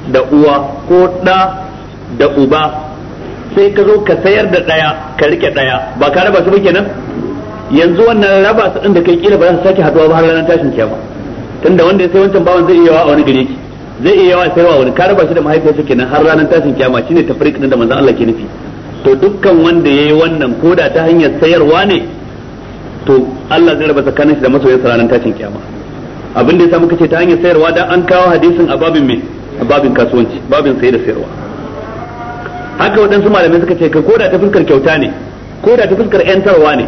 da uwa ko ɗa da uba sai ka zo ka sayar da ɗaya ka rike ɗaya ba ka raba su ba kenan yanzu wannan raba su din da kai kila ba za su sake haduwa ba har ranar tashin kiyama tunda wanda ya sai wancan bawan zai iya yawa a wani gare ki zai iya yawa sai wa wani ka raba shi da mahaifiyarsa kenan har ranar tashin kiyama shine tafriq din da manzon Allah ke nufi to dukkan wanda yayi wannan koda ta hanyar sayarwa ne to Allah zai raba tsakanin shi da sa ranar tashin kiyama abin da yasa muka ce ta hanyar sayarwa dan an kawo hadisin a babin me a babin kasuwanci babin saye da sayarwa haka waɗansu malamai suka ce ka koda ta fuskar kyauta ne koda ta fuskar yantarwa ne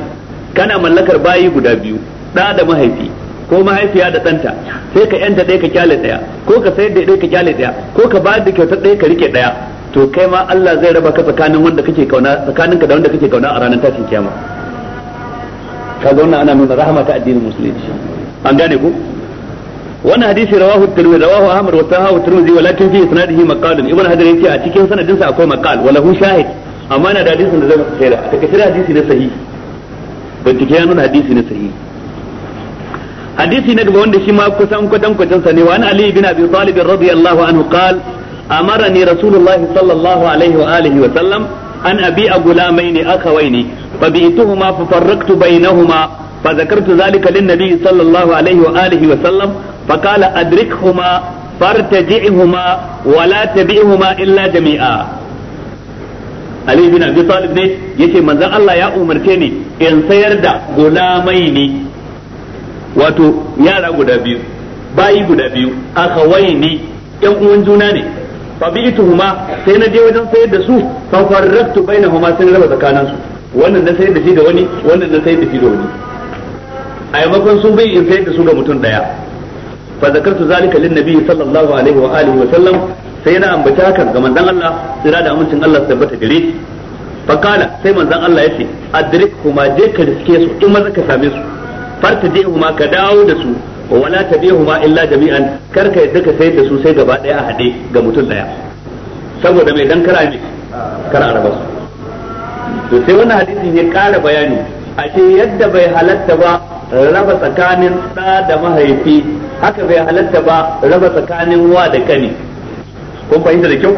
kana mallakar bayi guda biyu da da mahaifi ko mahaifiya da ɗanta sai ka yanta ɗaya ka kyale ɗaya ko ka sayar da ɗaya ka kyale ɗaya ko ka ba da kyautar ɗaya ka rike ɗaya to kai ma Allah zai raba ka tsakanin wanda kake kauna ka da wanda kake kauna a ranar tashin kiyama kaga wannan ana nuna rahama ta addinin musulunci an gane ku wannan hadisi rawahu tirmidhi rawahu ahmad wa sahahu tirmidhi walakin fi isnadihi maqalun ibn hadar yace a cikin sanadinsa akwai maqal wa lahu shahid amma na da hadisin da zai masa a takaice hadisi ne sahihi bincike ya nuna hadisi ne sahihi hadisi na gaba wanda shi ma kusan kwatan kwatan sa ne wa an ali bin abi talib radiyallahu anhu qal amarani rasulullahi sallallahu alaihi wa alihi wa sallam an abi agulamain akhawaini فبئتهما ففرقت بينهما فذكرت ذلك للنبي صلى الله عليه وآله وسلم فقال أدركهما فارتجعهما ولا تبئهما illa jami'a. Ali bin Abi Talib ne yace manzon Allah ya umarce ni in sayar da gulamai ne wato yara guda biyu bayi guda biyu akhawai ne yan uwan juna ne fa bi'tuhuma sai na je wajen sayar da su fa farraktu bainahuma sai na raba tsakanin su wannan na sayar da shi ga wani wannan na sayar da shi ga wani a yamakon sun bai in sayar da su ga mutum daya fa zakartu zalika lin nabi sallallahu alaihi wa alihi wa sallam sai na ambata hakan ga manzon Allah tsira da amincin Allah tabbata gare shi fakala sai manzon Allah yace adrik kuma je ka riske su in same su farta je huma ka dawo da su wala tabihuma illa jami'an kar ka yadda ka sayar da su sai gaba daya a hade ga mutum daya saboda mai dan kara ne kar araba su to sai wannan hadisi ne kara bayani a ce yadda bai halatta ba raba tsakanin da da mahaifi haka bai halatta ba raba tsakanin wa da kani kun fahimta da kyau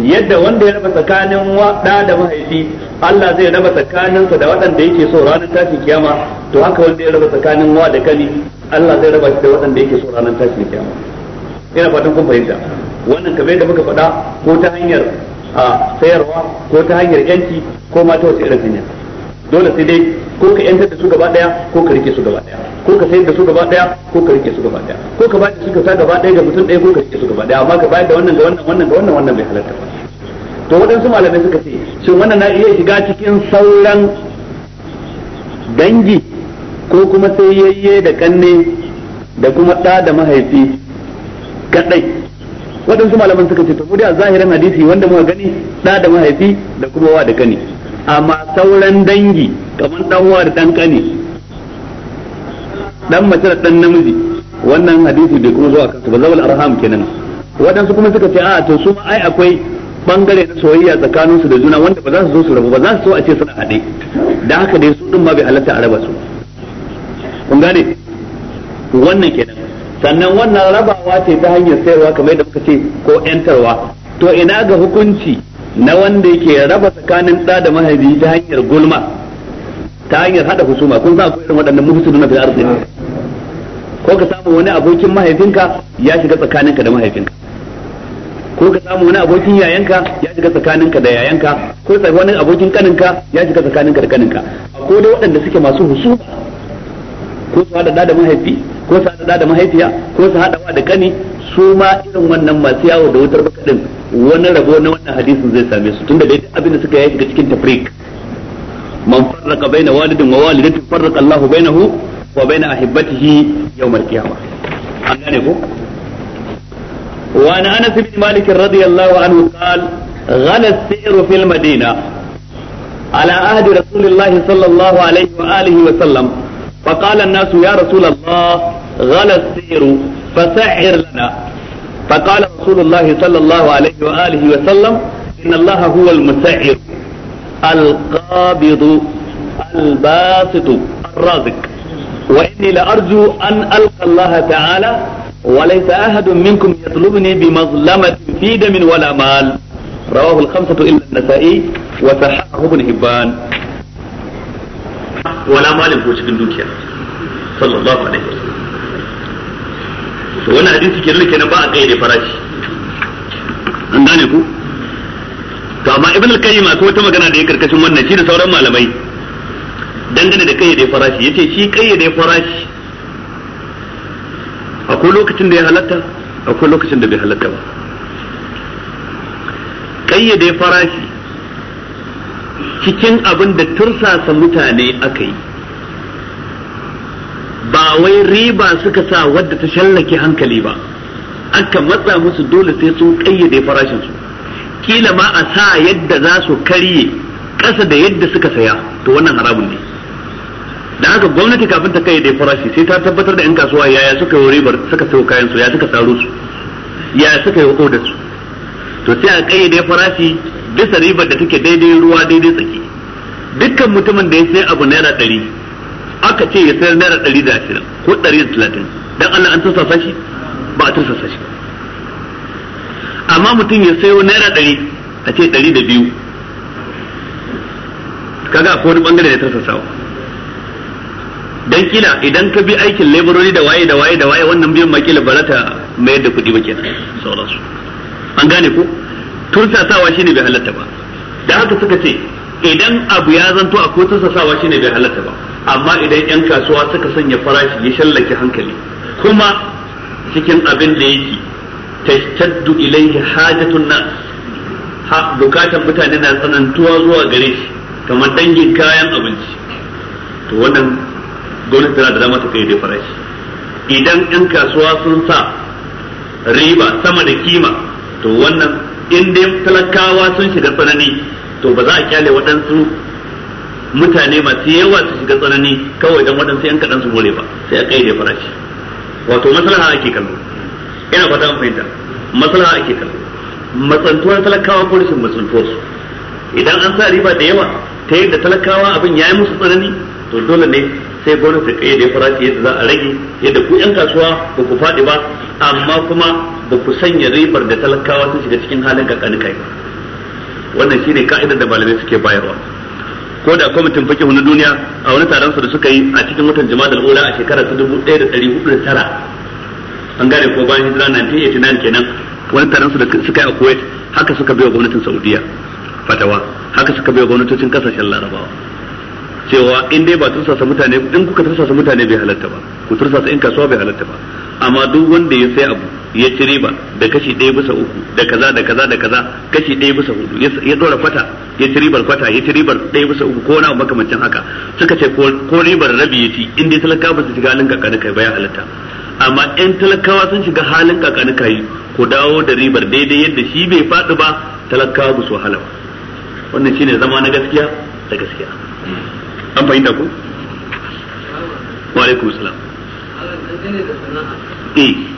yadda wanda ya raba tsakanin da da mahaifi Allah zai raba tsakaninsa da waɗanda yake so ranar tashin kiyama to haka wanda ya raba tsakanin wa da kani Allah zai raba shi da waɗanda yake so ranar tashin kiyama ina fatan kun fahimta wannan kamar yadda muka faɗa ko ta hanyar a sayarwa ko ta hanyar yanki ko ma ta wasu irin hanya dole sai dai ko ka yantar da su gaba daya ko ka rike su gaba daya ko ka sayar da su gaba daya ko ka rike su gaba daya ko ka bada su kyauta gaba daya ga mutum daya ko ka rike su gaba daya amma ka bayar da wannan ga wannan wannan ga wannan wannan bai halatta ba to waɗansu malamai suka ce shin wannan na iya shiga cikin sauran dangi ko kuma sai yayye da kanne da kuma ɗa da mahaifi kadai waɗansu malaman suka ce to a zahirin hadisi wanda muka gani ɗa da mahaifi da kuma wa da kani amma sauran dangi kamar dan uwa da dan kane dan mace da dan namiji wannan hadisi bai kuma zuwa kansu ba zawal arham kenan waɗansu kuma suka ce a to su ma ai akwai bangare na soyayya tsakanin su da juna wanda ba za su zo su rabu ba za su so a ce suna haɗe da haka dai su din ma bai halatta a raba su kun gane wannan kenan sannan wannan rabawa ce ta hanyar sayarwa kamar yadda muka ce ko yantarwa to ina ga hukunci na wanda yake raba tsakanin da da mahaifi ta hanyar gulma ta hanyar hada husuma kun san akwai irin waɗannan na fil ardi ko ka samu wani abokin mahaifinka ya shiga tsakaninka da mahaifinka ko ka samu wani abokin yayanka ya shiga tsakaninka da yayanka ko ka wani abokin kaninka ya shiga tsakaninka da kaninka ko da waɗanda suke masu husuma ko su hada da mahaifi ko su hada da mahaifiya ko su hadawa da kani su ma irin wannan masu yawo da wutar baka din wani rabo na wannan hadisin zai same su tunda dai abin da suka yi daga cikin tafrik man farraka baina walidin wa walidatin farraka Allahu bainahu wa baina ahibbatihi yawmal qiyamah an gane ko وعن انس بن مالك رضي الله عنه قال غلى السعر في المدينه على عهد رسول الله صلى الله عليه واله وسلم فقال الناس يا رسول الله غلى السير فسعر لنا فقال رسول الله صلى الله عليه وآله وسلم إن الله هو المسعر القابض الباسط الرازق وإني لأرجو أن ألقى الله تعالى وليس أحد منكم يطلبني بمظلمة في دم ولا مال رواه الخمسة إلا النسائي وصححه ابن هبان ولا مال هو cikin صلى الله عليه وسلم to wannan hadisi kenan kenan ba a kai farashi an gane ku to amma ibn al-qayyim akwai wata magana da ya karkashin wannan shi da sauran malamai dangane da kai farashi yace shi kai farashi akwai lokacin da ya halatta akwai lokacin da bai halatta ba kayyade farashi cikin abin da tursasa mutane aka yi ba wai riba suka sa wadda ta shallake hankali ba aka matsa musu dole sai sun kayyade farashin su kila ma a sa yadda za su karye ƙasa da yadda suka saya to wannan haramun ne da haka gwamnati kafin ta kayyade farashi sai ta tabbatar da 'yan kasuwa yaya suka yi ribar suka sayo kayan su ya suka saro su ya suka yi odar su to sai a kayyade farashi bisa ribar da take daidai ruwa daidai tsaki dukkan mutumin da ya sai abu naira ɗari aka ce ya sayar naira ɗari da ashirin ko ɗari da talatin dan Allah an tursasa shi ba a tursasa shi amma mutum ya sayo naira ɗari a ce ɗari da biyu kaga ko wani bangare da tursasawa dan kila idan ka bi aikin laborori da waye da waye da waye wannan biyan ma kila ba za ta mayar da kuɗi ba kenan sauransu an gane ko tursasawa shine bai halatta ba da haka suka ce idan abu ya zanto akwai tursasawa shine bai halatta ba amma idan yan kasuwa suka sanya farashi ya shallake hankali kuma cikin abin da yake tashtaddu ilaihi hajatun nas ha bukatan mutane na tsanantuwa zuwa gare shi kamar dangin kayan abinci to wannan gwamnati tana da dama ta kai da farashi idan yan kasuwa sun sa riba sama da kima to wannan in dai talakawa sun shiga tsanani to ba za a kyale waɗansu mutane masu yawa su shiga tsanani kawai dan waɗansu yan kaɗan su more ba sai a da farashi wato masalaha ake kallo ina fata an fahimta masalaha ake kallo matsantuwar talakawa ko rashin matsantuwar su idan an sa riba da yawa ta yadda talakawa abin ya yi musu tsanani to dole ne sai gwamnati ta da farashi yadda za a rage yadda ku yan kasuwa ba ku faɗi ba amma kuma ba ku sanya ribar da talakawa sun shiga cikin halin kakanikai ba wannan shine ka'idar da malamai suke bayarwa ko da kwamitin fakihu na duniya a wani taron su da suka yi a cikin watan jama'a al a shekara ta tara. an gane ko bayan hijira 1989 kenan wani taron su da suka yi a Kuwait haka suka biya gwamnatin Saudiya fatawa haka suka biya gwamnatocin kasashen Larabawa cewa in dai ba tursasa mutane in kuka tursasa mutane bai halatta ba ku tursasa in kasuwa bai halatta ba amma duk wanda ya sai abu ya ci riba da kashi ɗaya bisa uku da kaza da kaza da kaza kashi ɗaya bisa hudu ya dora kwata ya ci ribar kwata ya ci ribar ɗaya bisa uku ko na makamancin haka suka ce ko ribar rabi ya ci inda talakawa ba su shiga halin kakani kai bayan halatta amma yan talakawa sun shiga halin kakani kai ku dawo da ribar daidai yadda shi bai faɗi ba talakawa ba su wahala wannan shine zama na gaskiya da gaskiya an fahimta ku wa alaikum salam eh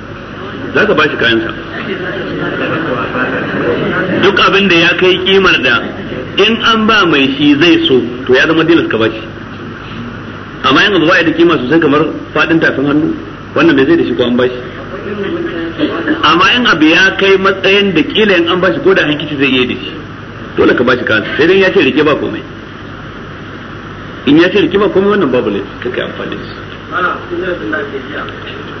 za ka bashi kayansa duk abin da ya kai kimar da in an ba mai shi zai so to ya zama dinas ka shi amma yanzu ba ya da kima sosai kamar fadin tafin hannu wannan da zai da shi ko an bashi amma in abu ya kai matsayin da kila yin an bashi ko da hankici zai yi da shi dole ka shi kayansa sai dai ya ce rike ba komai in ya ce rike ba komai wannan babu ne kake amfani da shi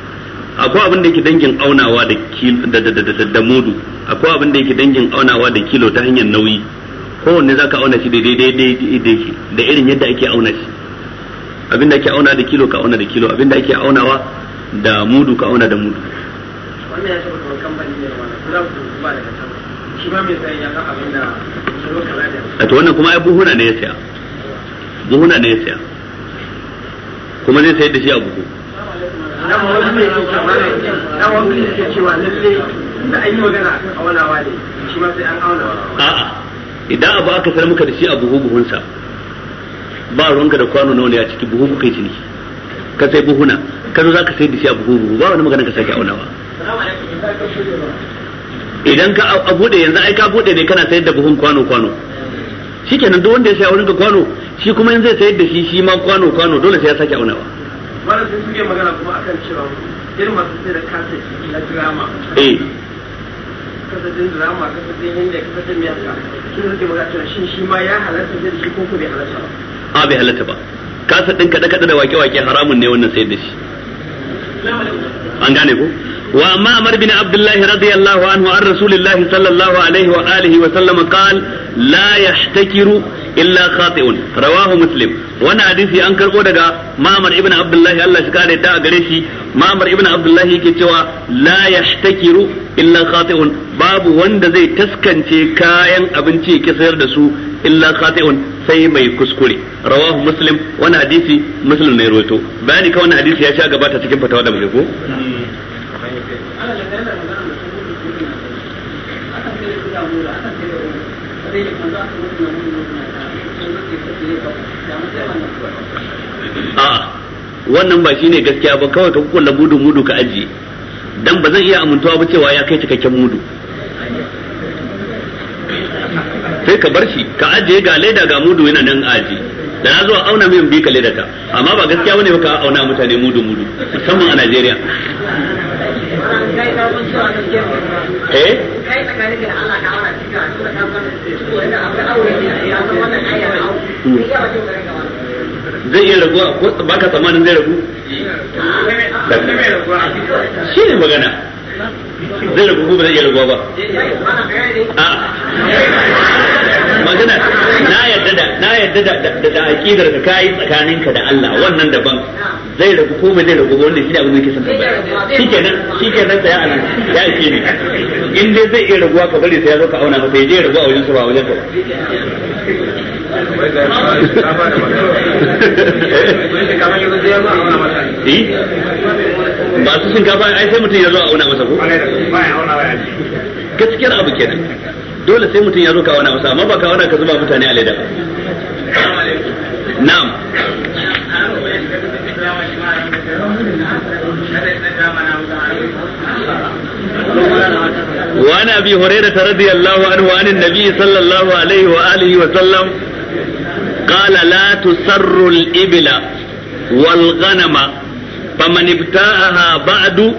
akwai abin da yake dangin aunawa da da mudu akwai abin da yake dangin aunawa da kilo ta hanyar nauyi kowanne zaka auna shi daidai daidai da shi da irin yadda ake auna shi abin da ake auna da kilo ka auna da kilo abin da ake aunawa da mudu ka auna da mudu wannan ya ne ba mai ya abin da to wannan kuma ai buhuna ne ya saya buhuna ne ya saya kuma zai sayar da shi a buhu na mawani mai kyau kamar na wani ke cewa lalle da an yi magana aunawa ne shi ma sai an auna a'a idan abu aka sanar muka da shi a buhu buhunsa ba ruwanka da kwano na wani a ciki buhu kai ne ka sai buhuna ka zo zaka sai da shi a buhu buhu ba wani magana ka sake aunawa idan ka a bude yanzu ai ka bude ne kana sayar da buhun kwano kwano shikenan duk wanda ya saya wurin ka kwano shi kuma yanzu zai sayar da shi shi ma kwano kwano dole sai ya sake aunawa wannan sun suke magana kuma akan cewa irin masu sai da kasa na drama eh. kasafin drama kasafin yadda kasafin miyaka sun suke magana cewa shin shi ma ya halatta da shi ko bai halatta ba a bai halatta ba kasa din kaɗe kada da wake wake haramun ne wannan sayar da shi an gane ko wa amma amr bin abdullah radiyallahu anhu an rasulillah sallallahu alaihi wa alihi wa sallam qal la yahtakiru illa khati'un rawahu muslim wannan hadisi an karbo daga mamar ibn abdullah Allah shi kare ta gare shi mamar ibn abdullah yake cewa la yahtakiru illa khati'un babu wanda zai taskance kayan abinci ya sayar da su illa khati'un sai mai kuskure rawahu muslim wani hadisi muslim ne roto bayani ka wani hadisi ya sha gabata cikin fatawa da muke ko a'a wannan ba shine gaskiya ba kawai ka kulla mudu mudu ka ajiye dan ba zan iya amintuwa ba cewa ya kai cikakken mudu sai ka bar shi ka ajiye ga leda ga mudu yana nan aji da na zuwa auna min bi ka leda ta amma ba gaskiya bane ka auna mutane mudu mudu musamman a Najeriya eh zai iya raguwa ko baka tsammanin zai ragu shi ne magana zai ragu ko ba zai iya raguwa ba a ah. magana na yadda da na yadda da da da aqidar ka kai tsakaninka da Allah wannan daban zai rabu ko ba zai rabu ba wannan shi da abin da yake son tabbata shikenan shikenan sai Allah ya ake ne in dai zai iya rabuwa ka bari sai ya zo ka auna masa ya je rabuwa wajen sa ba wajen ka ba *laughs* eh? su shinkafa ai sai mutum ya zo a auna masa ko gaskiyar abu kenan dole sai mutum ya zo kawana masa amma ba kawana ka zuba mutane a leda na'am وعن ابي هريره رضي الله عنه عن النبي صلى الله عليه واله وسلم قال لا تسر الابل والغنم فمن ابتاعها بعد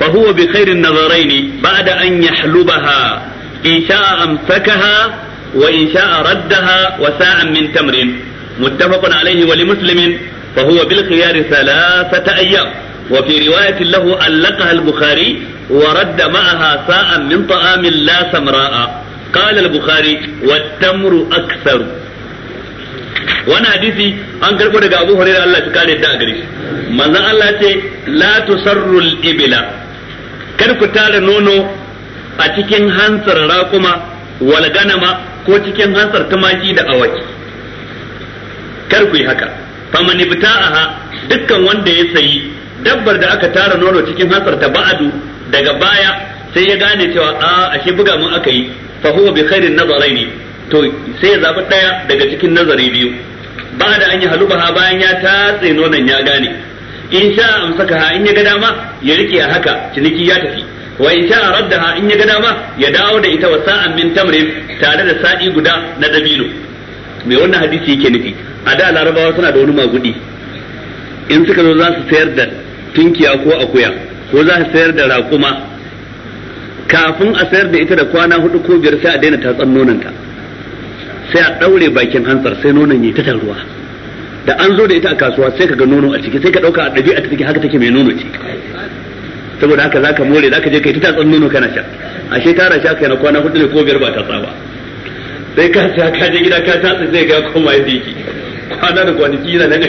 فهو بخير النظرين بعد ان يحلبها in sha'a amsakaha wa in sha'a raddaha wa sa'an min tamrin muttafaqun alayhi wa li muslimin fa huwa bil khiyar thalathata ayyam wa fi riwayatin lahu allaqaha al bukhari wa radda ma'aha sa'an min ta'amin la samra'a قال wa tamru أكثر wani hadisi an karɓo daga abu hurairah Allah shi kare ta a gare shi manzon Allah ce la tusarrul ibila kar ku tara nono a cikin hansar raƙuma wal ko cikin hansar tumaki da awaki kar ku yi haka faman ibta'aha dukkan wanda ya sayi dabbar da aka tara nono cikin hansar ta ba'adu daga baya sai ya gane cewa a ashe buga mun aka yi fa huwa bi khairin nazaraini to sai ya zaba daya daga cikin nazari biyu ba da an yi halubaha bayan ya tatse nonon ya gane in sha amsaka ha in ya ga dama ya rike a haka ciniki ya tafi wa in sha'a raddaha in ya ga dama ya dawo da ita wa sa'an min tamrin tare da sa'i guda na dabino me wannan hadisi yake nufi a da larabawa suna da wani magudi in suka zo za su sayar da tunkiya ko akuya ko za su sayar da raƙuma kafin a sayar da ita da kwana hudu ko biyar sai a daina tatsan nonanta sai a daure bakin hantsar sai nonon ya ta ruwa da an zo da ita a kasuwa sai ka ga nono a ciki sai ka ɗauka a ɗabi'a ta take haka take mai nono ce saboda haka ka more ka je kai ta tsan nono kana sha ashe tara sha kai na kwana hudu ne ko biyar ba ta tsaba sai ka sha ka je gida ka tatsa zai ga koma ya yake kwana da kwanaki na nan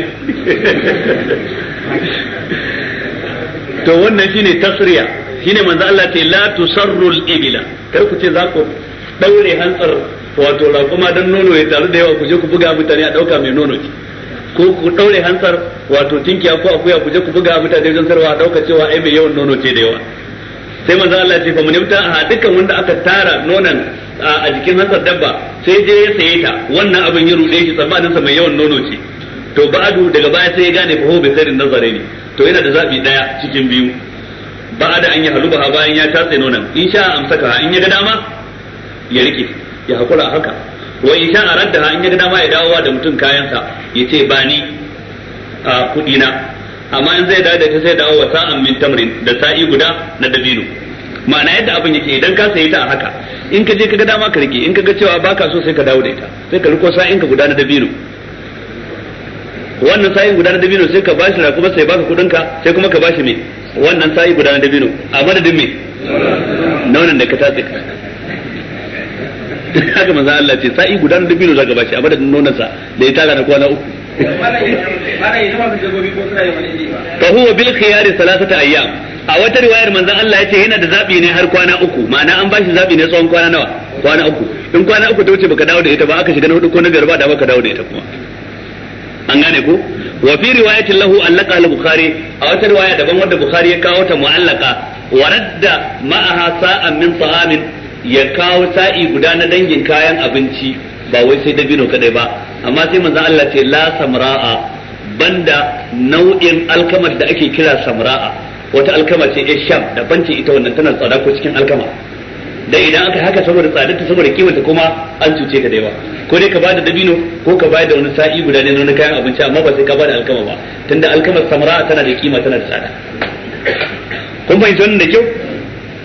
to wannan shine tasriya shine manzo Allah ta la tusarru al-ibla kar ku ce za ku daure hantsar wato raƙuma dan nono ya taru da yawa ku je ku buga mutane a dauka mai nono ki ko ku daure hansar wato tinkiya ko akuya ku je ku buga mutane don sarwa dauka cewa ai mai yawan nono ce da yawa sai manzo Allah ce fa mun yamta a dukkan wanda aka tara nonan a jikin hansar dabba sai je ya saye ta wannan abin ya rude shi tsammanin sa mai yawan nono ce to ba'adu daga baya sai ya gane fa ho bai sarin nazare ne to yana da zabi daya cikin biyu da an yi haluba bayan ya tatse nonan in sha amsaka in ya ga dama ya rike ya hakura haka wa isha aranta ha in ga dama ya dawowa da mutum kayansa ya ce ba ni a kuɗi na amma in zai dawo da ta sai dawo wa sa'an min tamrin da sa'i guda na dabino ma'ana yadda abin yake idan ka sayi ta a haka in ka je ka ga dama ka rike in ka ga cewa baka so sai ka dawo da ita sai ka riko sa'in ka guda na dabino wannan sa'in guda na dabino sai ka bashi na kuma sai baka kudin ka sai kuma ka bashi me wannan sa'i guda na dabino a madadin me nan da ka tatsi *laughs* haka manzo Allah ce sa'i gudan na dabino zaka bashi a madadin nonansa da ya tara na kwana uku fa huwa bil khiyari thalathata ayyam a wata riwayar manzo Allah yace yana da zabi ne har kwana uku ma'ana an bashi zabi ne tsawon kwana nawa kwana uku in kwana uku ta wuce baka dawo da ita ba aka shiga na hudu ko na biyar ba da baka dawo da ita kuma an gane ko wa fi riwayatin lahu allaka al-bukhari a wata riwaya daban wanda bukhari ya kawo ta mu'allaka wa radda ma'aha sa'an min ta'amin ya kawo sa'i guda na dangin kayan abinci ba wai sai dabino kadai ba amma sai manzon Allah ce la samra'a banda nau'in alkamar da ake kira samra'a wata alkama ce isham da banci ita wannan tana tsada ko cikin alkama da idan aka haka saboda tsadarta saboda kimanta kuma an cuce ka da yawa ko dai ka bada dabino ko ka bayar da wani sa'i guda ne na kayan abinci amma ba sai ka bada alkama ba tunda alkamar samra'a tana da kima tana da tsada kun fahimci wannan da kyau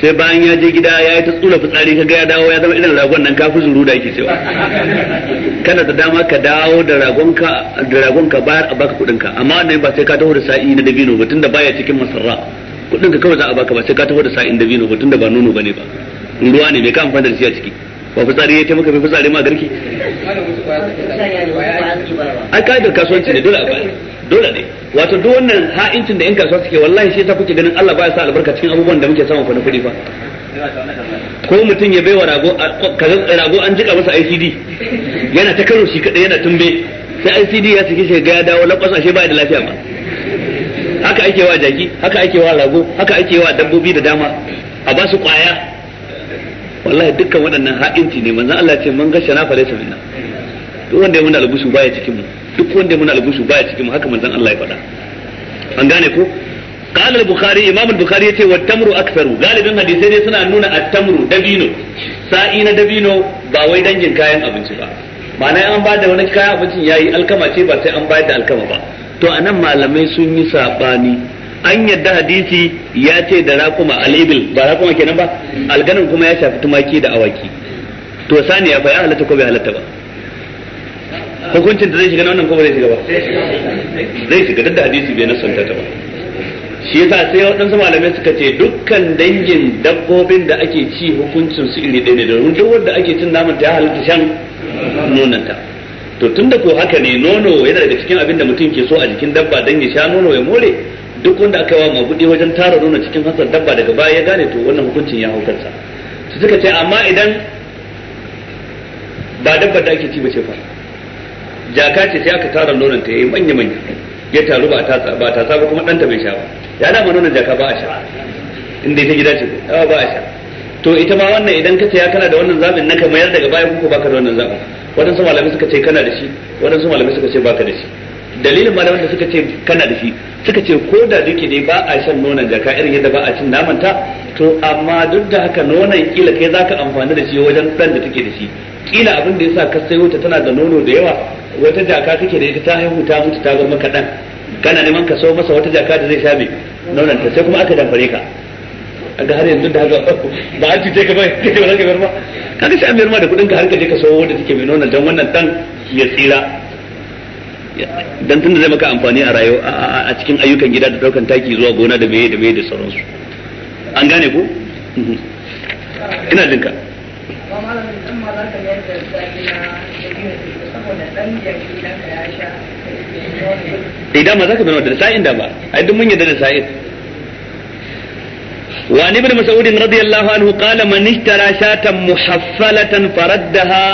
sai bayan ya je gida ya yi ta tsula fitsari ka ya dawo ya zama irin ragon nan fi zuru da yake cewa kana da dama ka dawo da ragon ka da ragon ka bayar a baka kudin ka amma wannan ba sai ka taho da sa'i na dabino ba tunda baya cikin masarra kudin ka kawai za a baka ba sai ka taho da sa'in dabino ba tunda ba nono bane ba ruwa ne bai ka amfani da shi a ciki ba fitsari ya taimaka bai fitsari ma garki ai ka da kasuwanci ne dole a bayar dole ne wato duk wannan ha'incin da yan kasuwa suke wallahi shi ta kuke ganin Allah baya sa albarka cikin abubuwan da muke samun na kuɗi fa ko mutum ya baiwa rago kaza rago an jika masa ICD yana ta karo shi kadai yana tumbe sai ICD ya saki shi ga ya dawo lakwasa shi baya da lafiya ma haka ake wa jaki haka ake wa rago haka ake wa dabbobi da dama a ba su kwaya wallahi dukkan waɗannan ha'inci ne manzon Allah ce man gashana fa laysa minna duk wanda ya muna albusu baya cikin mu duk wanda muna albushu baya cikin haka manzon Allah ya faɗa an gane ko قال البخاري امام البخاري yace wa tamru aktharu galibin hadisai ne suna nuna at-tamru dabino sa'i na dabino ba wai dangin kayan abinci ba ma'ana an ba da wani kayan ya yayi alkama ce ba sai an bayar da alkama ba to anan malamai sun yi sabani an yadda hadisi ya ce da rakuma al-ibil ba rakuma kenan ba alganin kuma ya shafi tumaki da awaki to saniya ba ya halatta ko bai halatta ba hukuncin da zai shiga wannan ko ba zai shiga ba zai shiga duk da hadisi bai nasanta ta ba shi yasa sai waɗansu malamai suka ce dukkan dangin dabbobin da ake ci hukuncin su iri ɗaya ne don duk wanda ake cin naman ta ya shan shan ta to tunda ko haka ne nono yana daga cikin abin da mutum ke so a jikin dabba dan ya sha nono ya more duk wanda aka yawa mabudi wajen tara nono cikin hasar dabba daga baya ya gane to wannan hukuncin ya hau kansa su suka ce amma idan ba dabba da ake ci ba ce fa jaka ce sai aka tara nonon ta yayi manya manya ya taru ba ta ba ta ba kuma danta bai sha ba ya da nonon jaka ba a sha inda ita gida ce ba a sha to ita ma wannan idan ka ya kana da wannan zabin naka mayar daga baya kuka baka da wannan zamin Waɗansu malamai suka ce kana da shi Waɗansu malamai suka ce baka da shi dalilin malaman da suka ce kana da shi suka ce ko da duke dai ba a shan nonon jaka irin yadda ba a cin naman ta to amma duk da haka nonon kila kai zaka amfani da shi wajen dan da take da shi kila abin da yasa ka sai wuta tana da nono da yawa wata jaka kake da ita ta haihu ta mutu ta zama kaɗan kana neman ka so masa wata jaka da zai sha mai nonon ta sai kuma aka damfare ka ga har yanzu da haka ba a cuce ka bai kake ba *laughs* ka ma kaga sai an ma da kuɗin ka har ka je ka sayo wanda take mai nonon dan wannan dan ya tsira dan tunda zai maka amfani a rayuwa a cikin ayyukan gida da daukan taki zuwa gona da meye da meye da sauransu an gane ko mhm. ina jinka amma malamin dan ma za ka da zaki na saboda dan dan ya sha idan ma sa'in da ba ai duk mun yadda da sa'in وعن ابن مسعود رضي الله عنه قال من اشترى شاة محفلة فردها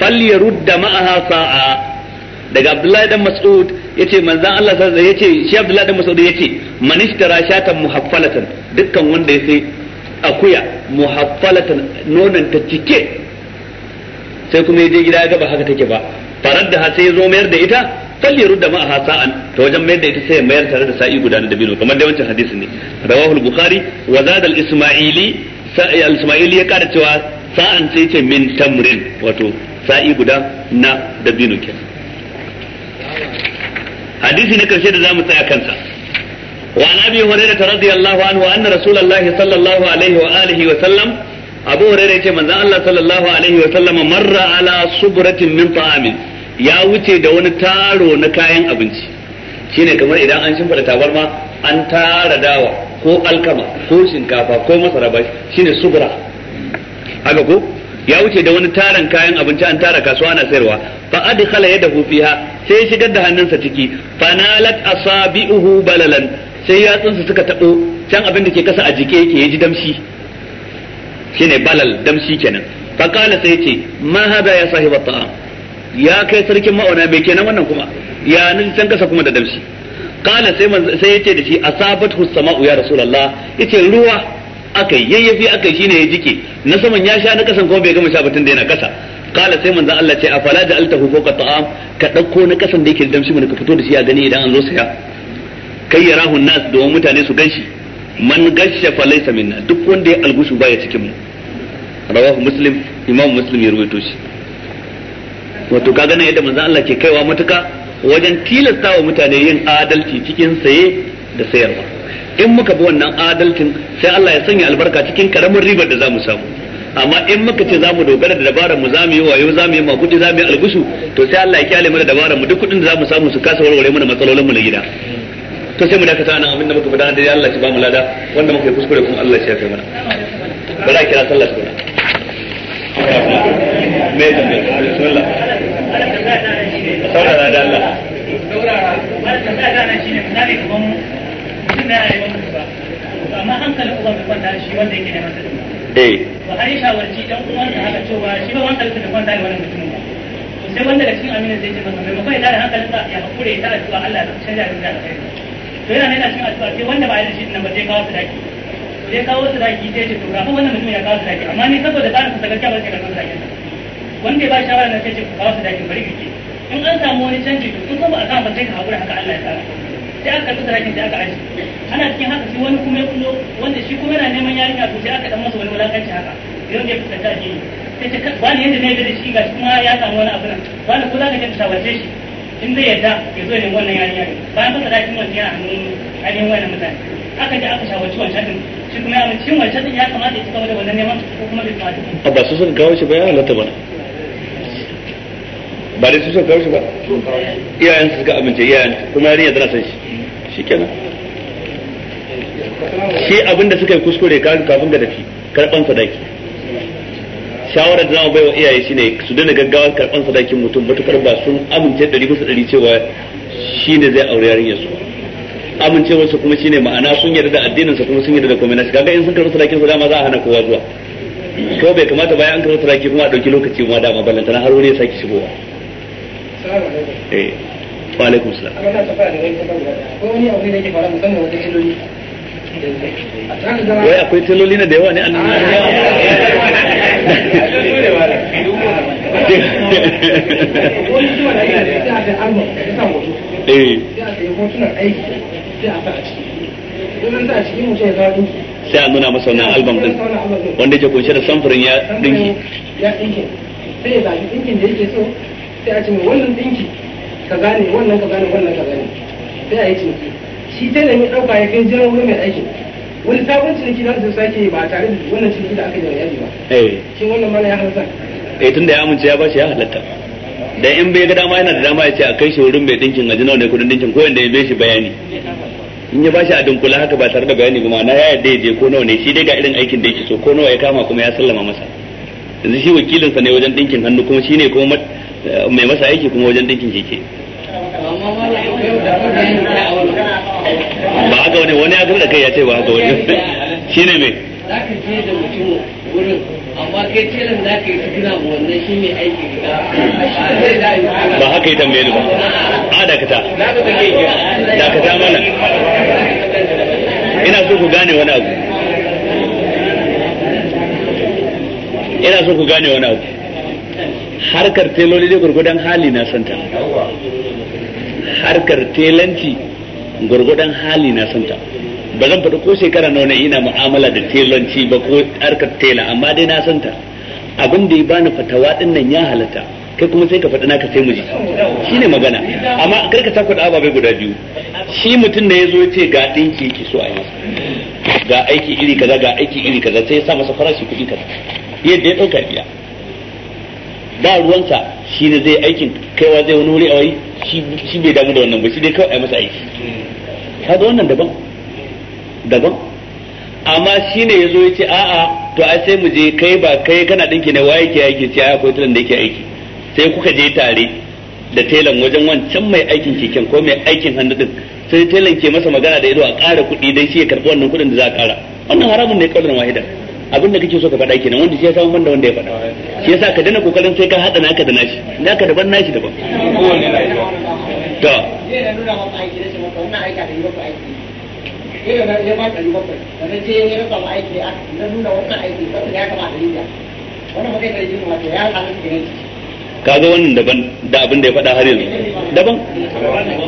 فليرد معها ساعة daga Abdullahi dan Mas'ud yace manzon Allah sallallahu alaihi ce shi Abdullahi dan Mas'ud yace man ishtara shatan muhaffalatan dukkan wanda ya sai akuya muhaffalatan nonon ta cike sai kuma ya je gida ya gaba haka take ba farar da sai ya zo mayar da ita falliru da ma'aha sa'an ta wajen mayar da ita sai ya mayar tare da sa'i guda na dabino kamar dai wancan hadisi ne rawahul bukhari wa zadal ismaili sa'i al-isma'ili ya kara cewa sa'an sai ce min tamrin wato sa'i guda na dabino kenan hadisi na karshe da zamu tsaya kansa وعن أبي هريرة رضي الله عنه أن رسول الله صلى الله عليه وآله وسلم أبو هريرة من الله صلى الله عليه وسلم مر على صبرة من طعام يا wuce da تارو taro na kayan abinci shine kamar idan an shimfida tabarma an tara dawa كو alkama كو shinkafa ko masara ba shine subra haka ko ya wuce da wani tarin kayan abinci an tara kasuwa na sayarwa fa adkhala yadahu fiha sai shigar da hannunsa ciki fanalat asabi'uhu balalan sai yatsunsu suka taɓo can abin da ke kasa a jike yake ya ji damshi shine balal damshi kenan faqala sai ce ma hada ya sahiba ta'am ya kai sarkin ma'auna mai kenan wannan kuma ya nan can kasa kuma da damshi qala sai sai yace da shi asabatu sama'u ya rasulullah yace ruwa akai yayyafi akai shine ya jike na saman ya sha na kasan kuma bai gama sha batun da yana kasa kala sai manzo Allah ce afala ja'altahu fawqa ta'am ka dauko na kasan da yake da damshi mun ka fito da shi a gani idan an zo saya kai yarahu nas domin mutane su ganshi man gashe fa laysa minna duk wanda ya algushu baya cikin mu rawahu muslim imam muslim ya ruwaito shi wato kaga nan yadda manzon Allah ke kaiwa matuka wajen tilasta wa mutane yin adalci cikin saye da sayarwa in muka bi wannan adalcin sai Allah ya sanya albarka cikin karamin ribar da zamu samu amma in muka ce zamu dogara da dabarar mu zamu yi wayo zamu yi makudi zamu yi algushu to sai Allah ya kyale mana dabarar mu duk kudin da zamu samu su kasa warware mana matsalolin mu na gida to sai mu dakata nan abinda muka faɗa dai Allah ya ba mu lada wanda muka yi kuskure kuma Allah ya kai mana ba za kira sallah ba me da me bismillah da Allah saurara wannan da nan shine ba amma hankalin uwa shi wanda yake eh wa dan uwan da haka cewa shi ba wanda da kwanta da wannan mutum ba to sai wanda da cikin amina zai ce ya tare hankalinsa ya hakure ya zuwa Allah ya canja da kai to yana yana cikin addu'a sai wanda ba ya shi nan ba sai kawo sadaki sai kawo sadaki sai ya ce to kafin wannan mutum ya kawo sadaki amma ni saboda tsarin sa gaskiya ba sai ka kawo sadakin wanda ya ba shawara na sai ce kawo sadakin bari kike in an samu wani canji to in kuma a samu sai ka hakura haka Allah ya tsara sai aka karɓi sadaki sai aka aji ana cikin haka sai wani kuma ya kullo wanda shi kuma yana neman yarinya to sai aka dan masa wani wulakanci haka yau ne fuskanta addini sai ce wani yadda ne da shi ga kuma ya samu wani abu nan wani ko za ka ta wace shi in zai yadda ya zo ne wannan yarinya ne bayan fasa dakin wancan yana hannun ainihin wannan mutane aka ji aka shawarci wancan din shi kuma ya cin wancan din ya kamata ya ci gaba da wannan neman ko kuma da kuma ba ba su sun kawo shi ba ya halatta ba ba dai su sun kawo shi ba iyayen su suka amince iyayen kuma yarinya tana san shi kenan shi abinda suka yi kuskure kafin ka tafi karban sadaki shawarar da zamu baiwa iyaye shine su dana gaggawar karban sadakin mutum matukar ba sun amince ɗari bisa ɗari cewa shine zai aure yarinyar su amincewar su kuma shine ma'ana sun yarda da addinin sa kuma sun yarda da komai nashi kaga in sun karɓi sadakin su dama za a hana kowa zuwa ko bai kamata bayan an karɓi sadaki kuma a ɗauki lokaci kuma dama ballantana har wani ya saki shigowa eh wa alaikum salam wai akwai tiloli na da yawa ne annabi ah, sai a nuna masa wannan albam din wanda ke kunshe da samfurin ya dinki ya dinki sai ya zaɓi dinkin da yake so sai a ce mai wannan dinki ka gane wannan ka gane wannan ka gane sai a yi ciniki shi sai da mai ɗauka ya kai jiran wani mai aikin wani sabon ciniki za su sake ba tare da wannan ciniki da aka yi yaji ba eh. shin wannan mana ya halatta eh tunda ya amince ya shi ya halatta Da in bai ga dama yana da dama ya ce a kai shi wurin mai dinkin a nawa ne kudin dinkin ko wanda ya bai shi bayani in ya shi a dunkula haka ba tare da bayani ba ma'ana ya yadda ya je ko nawa ne shi dai ga irin aikin da yake so ko nawa ya kama kuma ya sallama masa yanzu shi wakilinsa ne wajen dinkin hannu kuma shi ne kuma eh, mai masa aiki kuma wajen dinkin keke haka wani wani ya gaba da kai ya ce ba haka wani *laughs* shine me za ka je da mutum wurin amma kai tilan za ka yi tuna wannan shi ne aiki ba haka yi tambayi ba a dakata dakata mana ina so ku gane wani abu ina so ku gane wani abu harkar teloli dai gurgudan hali na santa harkar telanci gurgudan hali na santa ba zan faɗi ko shekara nawa ina mu'amala da telanci ba ko harkar tela amma dai na santa abin da ya bani fatawa din nan ya halatta kai kuma sai ka faɗi naka sai mu ji shine magana amma kar ka da ababai guda biyu shi mutum da yazo ya ce ga dinki yake so a yi ga aiki iri kaza ga aiki iri kaza sai ya sa masa farashi kuɗi kaza yadda ya ɗauka biya da ruwansa shi ne zai aikin kaiwa zai wani wuri a wai shi bai damu da wannan ba shi dai kawai a masa aiki ga wannan daban daban amma shi ne ya zo ya ce a'a to ai sai mu je kai ba kai kana ɗinki ne waye ke aiki ce a'a ko tilan da yake aiki sai kuka je tare da telan wajen wancan mai aikin keken ko mai aikin hannu din sai telan ke masa magana da ido a ƙara kuɗi dan shi ya karɓi wannan kuɗin da za a ƙara wannan haramun ne kaulan wahida abin da kake so ka faɗa kenan wanda shi ya samu banda wanda ya faɗa shi yasa ka dana kokarin sai ka hada naka da nashi naka daban nashi daban to kaga wannan daban da abin da ya faɗa har yanzu daban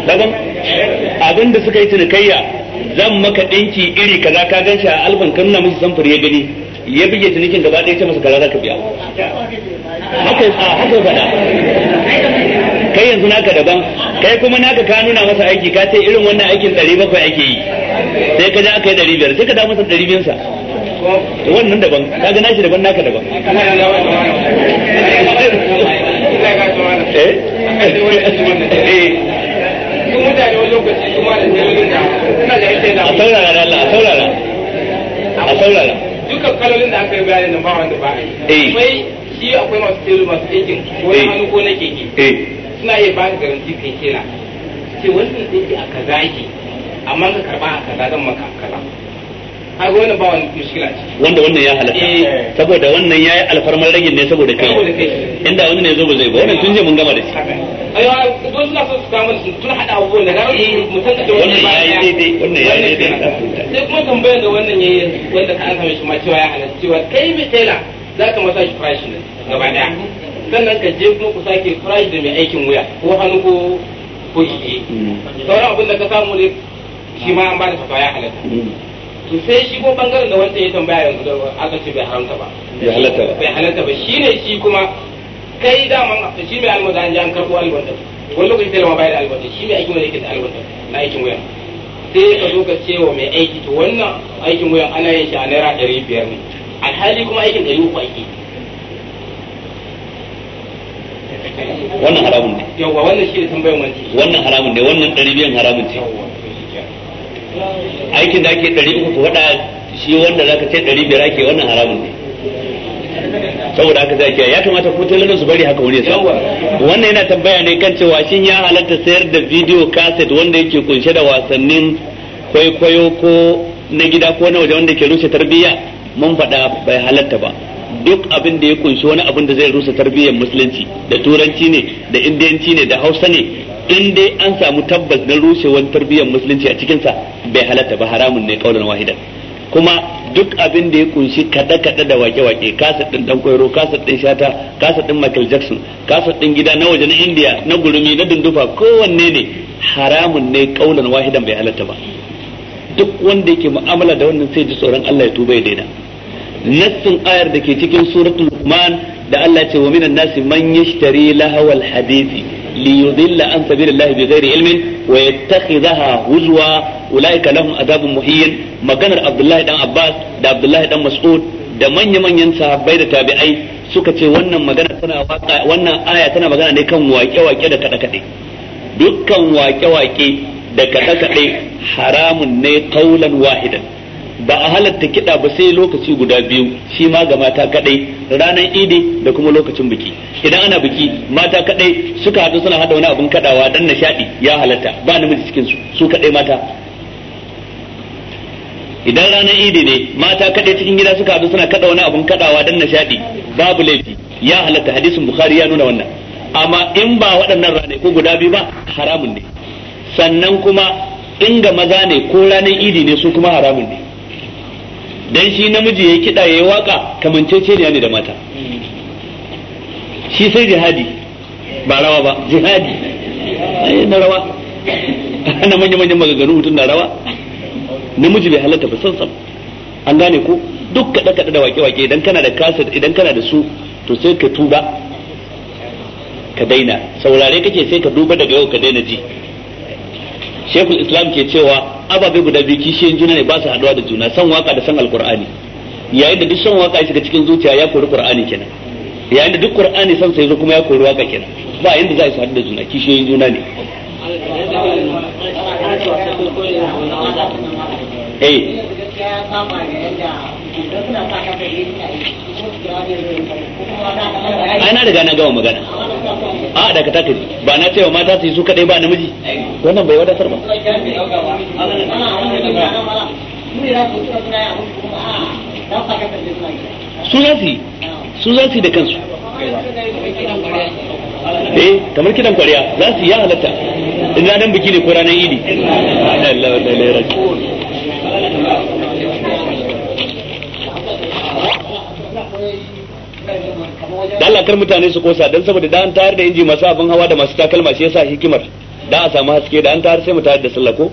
daban abin da suka yi cinikayya zan maka ɗinki iri kaza ka gan shi a alban kan na musu samfur ya gani ya bige cinikin gaba ɗaya ce masa kaza za ka biya haka haka faɗa kai yanzu naka daban kai kuma naka ka nuna masa aiki ka ce irin wannan aikin ɗari bakwai ake yi sai ka ji aka yi ɗari biyar sai ka da masa ɗari biyansa wannan daban ka ga nashi daban naka daban eh? Eh. a saurara a saurara a saurara dukkan kalolin da aka yi bayanin da ba wanda ba a yi eh. akwai shi akwai masu telu masu aikin ko na eh. hannu ko na keke eh. suna iya ba ka garanti kai kira ce wannan zai a kaza yake amma ka karba a kaza zan maka kaza a wannan ba wani mushkila wanda wannan ya halatta eh. saboda wannan yayi alfarmar ragin ne saboda kai inda wannan ne zo ba zai ba wannan tun je mun gama da shi ayo ko suna so su kama su tun hada abubuwan da gawo mutum da wannan yayi daidai wannan yayi daidai sai kuma tambayar da wannan yayi wanda ka aka mishi ma cewa ya halatta cewa kai mai tela zaka masa shi farashi ne gaba daya sannan ka je kuma ku sake farashi da mai aikin wuya ko hannu ko ko mm. sauran abin da ka samu ne shi ma an ba da ya halatta mm. to sai shi kuma bangaren da wanda ya tambaya yanzu da aka ce bai haramta ba bai halatta ba bai halatta ba shine shi kuma kai da man shi mai almada an jan karbo albanda wani lokaci da ma bai da shi mai aikin wani ke da albanda na aikin wuyan sai ka zo ka ce wa mai aiki to wannan aikin wuyan ana yin shi a naira ɗari biyar ne alhali kuma aikin ɗari uku ake wannan haramun ne yawwa wannan shi da tambayar wanci wannan haramun ne wannan ɗari biyan haramun ce aikin da ake ɗari uku faɗa shi wanda zaka ce ɗari biyar ake wannan haramun ne saboda haka zai ya kamata ko tallan su bari haka wuri sa wannan yana tambaya ne kan cewa shin ya halatta sayar da video cassette wanda yake kunshe da wasannin kwaikwayo ko na gida ko na waje wanda ke rushe tarbiyya mun faɗa bai halatta ba duk abin da ya kunshi wani abin da zai rusa tarbiyyar musulunci da turanci ne da indiyanci ne da hausa ne in dai an samu tabbas na rushewar tarbiyyar musulunci a cikinsa bai halatta ba haramun ne kaulan wahidan kuma duk abin da ya kunshi kaɗe-kaɗe da wake-wake kasa ɗin ɗan kwairo kasa ɗin shata kasa ɗin michael jackson kasa ɗin gida na waje na india na gurumi na dundufa kowanne ne haramun ne kaulan wahidan bai halatta ba duk wanda yake mu'amala da wannan sai ji tsoron allah ya tuba ya daina nassin ayar da ke cikin suratul Luqman da Allah ce wa minan nasi man yashtari lahawal hadisi li yudilla an sabilillahi bi ghairi ilmin wa yattakhidhaha huzwa ulaika lahum adabun muhin maganar Abdullahi dan Abbas da Abdullahi dan Mas'ud da manya manyan sahabbai da tabi'ai suka ce wannan magana tana wannan aya tana magana ne kan waƙe-waƙe da kaɗe-kaɗe dukkan waƙe-waƙe da kaɗe-kaɗe haramun ne kaulan wahidan ba a halatta kiɗa ba sai lokaci guda biyu shi ma ga mata kaɗai, ranar idi da kuma lokacin biki idan ana biki mata kaɗai suka haɗu suna haɗa wani abin kaɗawa dan nishaɗi ya halatta ba namiji cikin su su mata idan ranar idi ne mata kaɗai cikin gida suka haɗu suna kaɗa wani abin kaɗawa dan nishaɗi babu laifi ya halatta hadisin bukhari ya nuna wannan amma in ba waɗannan ranar ko guda biyu ba haramun ne sannan kuma in ga maza ne ko ranar idi ne su kuma haramun ne dan shi namiji ya kiɗa ya yi waƙa kamanceceniya ne da mata shi sai jihadi ba rawa ba jihadi ai na rawa ana manya manya maganganu mutum na rawa namiji bai halatta ba sansan an gane ko duk kaɗa kaɗa da wake wake idan kana da kasa idan kana da su to sai ka tuba ka daina saurare kake sai ka duba daga yau ka daina ji shekul islam ke cewa ababe guda biyu kishiyan juna ne ba su haduwa da juna san waka da san alkur'ani yayin da duk san waka ya shiga cikin zuciya ya kori qur'ani kenan yayin da duk qur'ani san sai zo kuma ya kori waka kenan ba yanda za su haɗu da juna kishiyoyin juna ne eh ya kama da yadda idan suna sa ka kai ta yi ai na riga na gawa magana a da ka take ba na cewa mata su yi su kadai ba namiji wannan bai wadatar ba su za su yi su za su yi da kansu eh kamar kidan kwariya za su yi ya halatta Ina nan biki ne ko ranar idi Allah Allah Allah kar mutane su kosa dan saboda da an tayar da inji masu abin hawa da masu takalma shi yasa hikimar da a samu haske da an tayar sai mu da sallah ko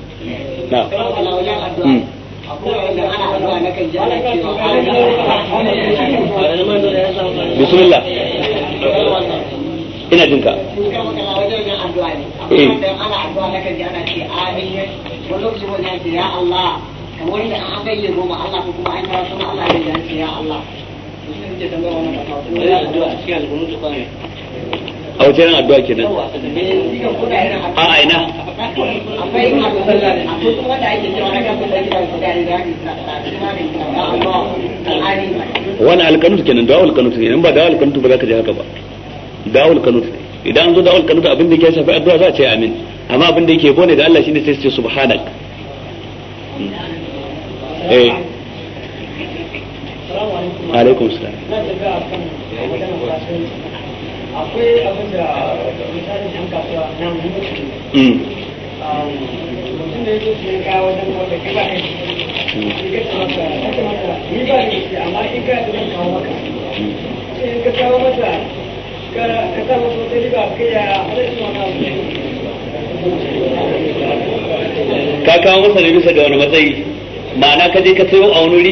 hmm. bismillah ina jinka eh. Allah a wace yana addu'a kenan a a ina wani alkanutu kenan dawo alkanut ne in ba dawo alkanutu ba za ka ji haka ba dawo alkanutu ne idan an zo dawo alkanut abin da ke shafi addu'a za a ce amin amma abin da yake bone da Allah shine sai su ce subhanak eh ka kawo masa wata riba ka kawo masa ne bisa ga wani matsayi ma'ana ka je ka sayo a wani wuri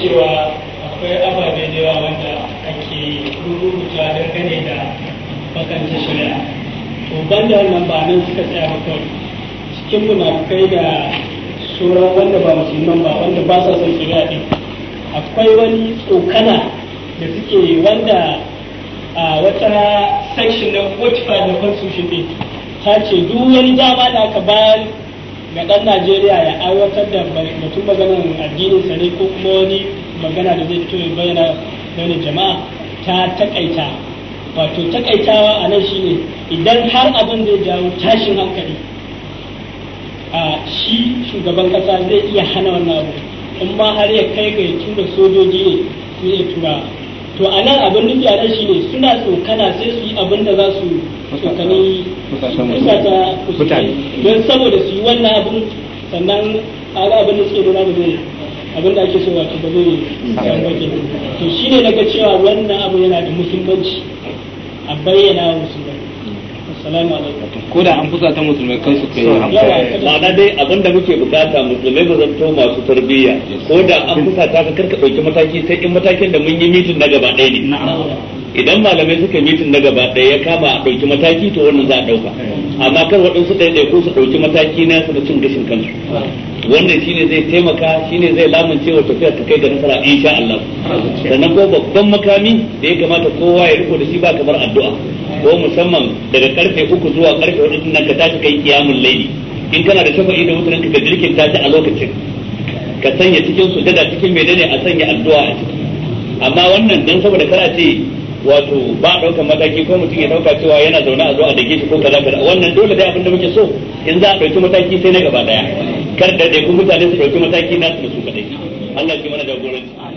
cewa akwai ababe da yawa wanda ake rubuta gane da bakanta shari'a to banda wannan ba nan suka tsaya ba kawai cikin kai da sura wanda ba musulman ba wanda ba sa son shari'a din akwai wani tsokana da suke wanda a wata section na 45 na constitution din ta ce duk wani dama da aka bayar ga ɗan Najeriya ya aiwatar da batun maganar addinin sa ne ko kuma wani magana da zai fito ya bayyana bayan jama'a ta takaita wato takaitawa a nan shine idan har abin zai jawo tashin hankali a shi shugaban kasa zai iya hana wannan abu in ma har ya kai ga ya tura sojoji ne su ya tura to a nan abin nufi a nan shine suna tsokana sai su yi abin da za su tsokani mutane don saboda su yi wannan abin sannan aga abin da suke nuna zai abin da ake so wato ba zai yi to shi ne na ga cewa wannan abu yana da muhimmanci a bayyana wa musulmai assalamu alaikum ko da an fusa ta musulmai kan su kai ma'ana dai abin da muke bukata musulmai ba zan zanto su tarbiyya ko da an fusa ta ka karka dauki mataki sai in matakin da mun yi mitin na gaba ɗaya ne idan malamai suka mitin na gaba ɗaya ya kama a ɗauki mataki to wannan za a ɗauka amma kar waɗansu ɗaya ko su ɗauki mataki na su da cin gashin kansu wannan shine zai taimaka shine zai lamunce wa tafiyar ta kai da nasara insha Allah sannan ko babban makami da ya kamata kowa ya riko da shi ba kamar addu'a ko musamman daga karfe uku zuwa karfe hudu nan ka tashi kai kiyamun laili in kana da shafa'i da mutanen ka girkin tashi a lokacin ka sanya cikin daga cikin menene a sanya addu'a a ciki amma wannan dan saboda kana ce wato ba ɗaukar mataki ko mutum ya ɗauka cewa yana zaune a zo a dake shi ko kaza kaza wannan dole dai abin da muke so in za a ɗauki mataki sai na gaba daya kar da dai ku mutane su ɗauki mataki na su su kadai Allah ya mana jagoranci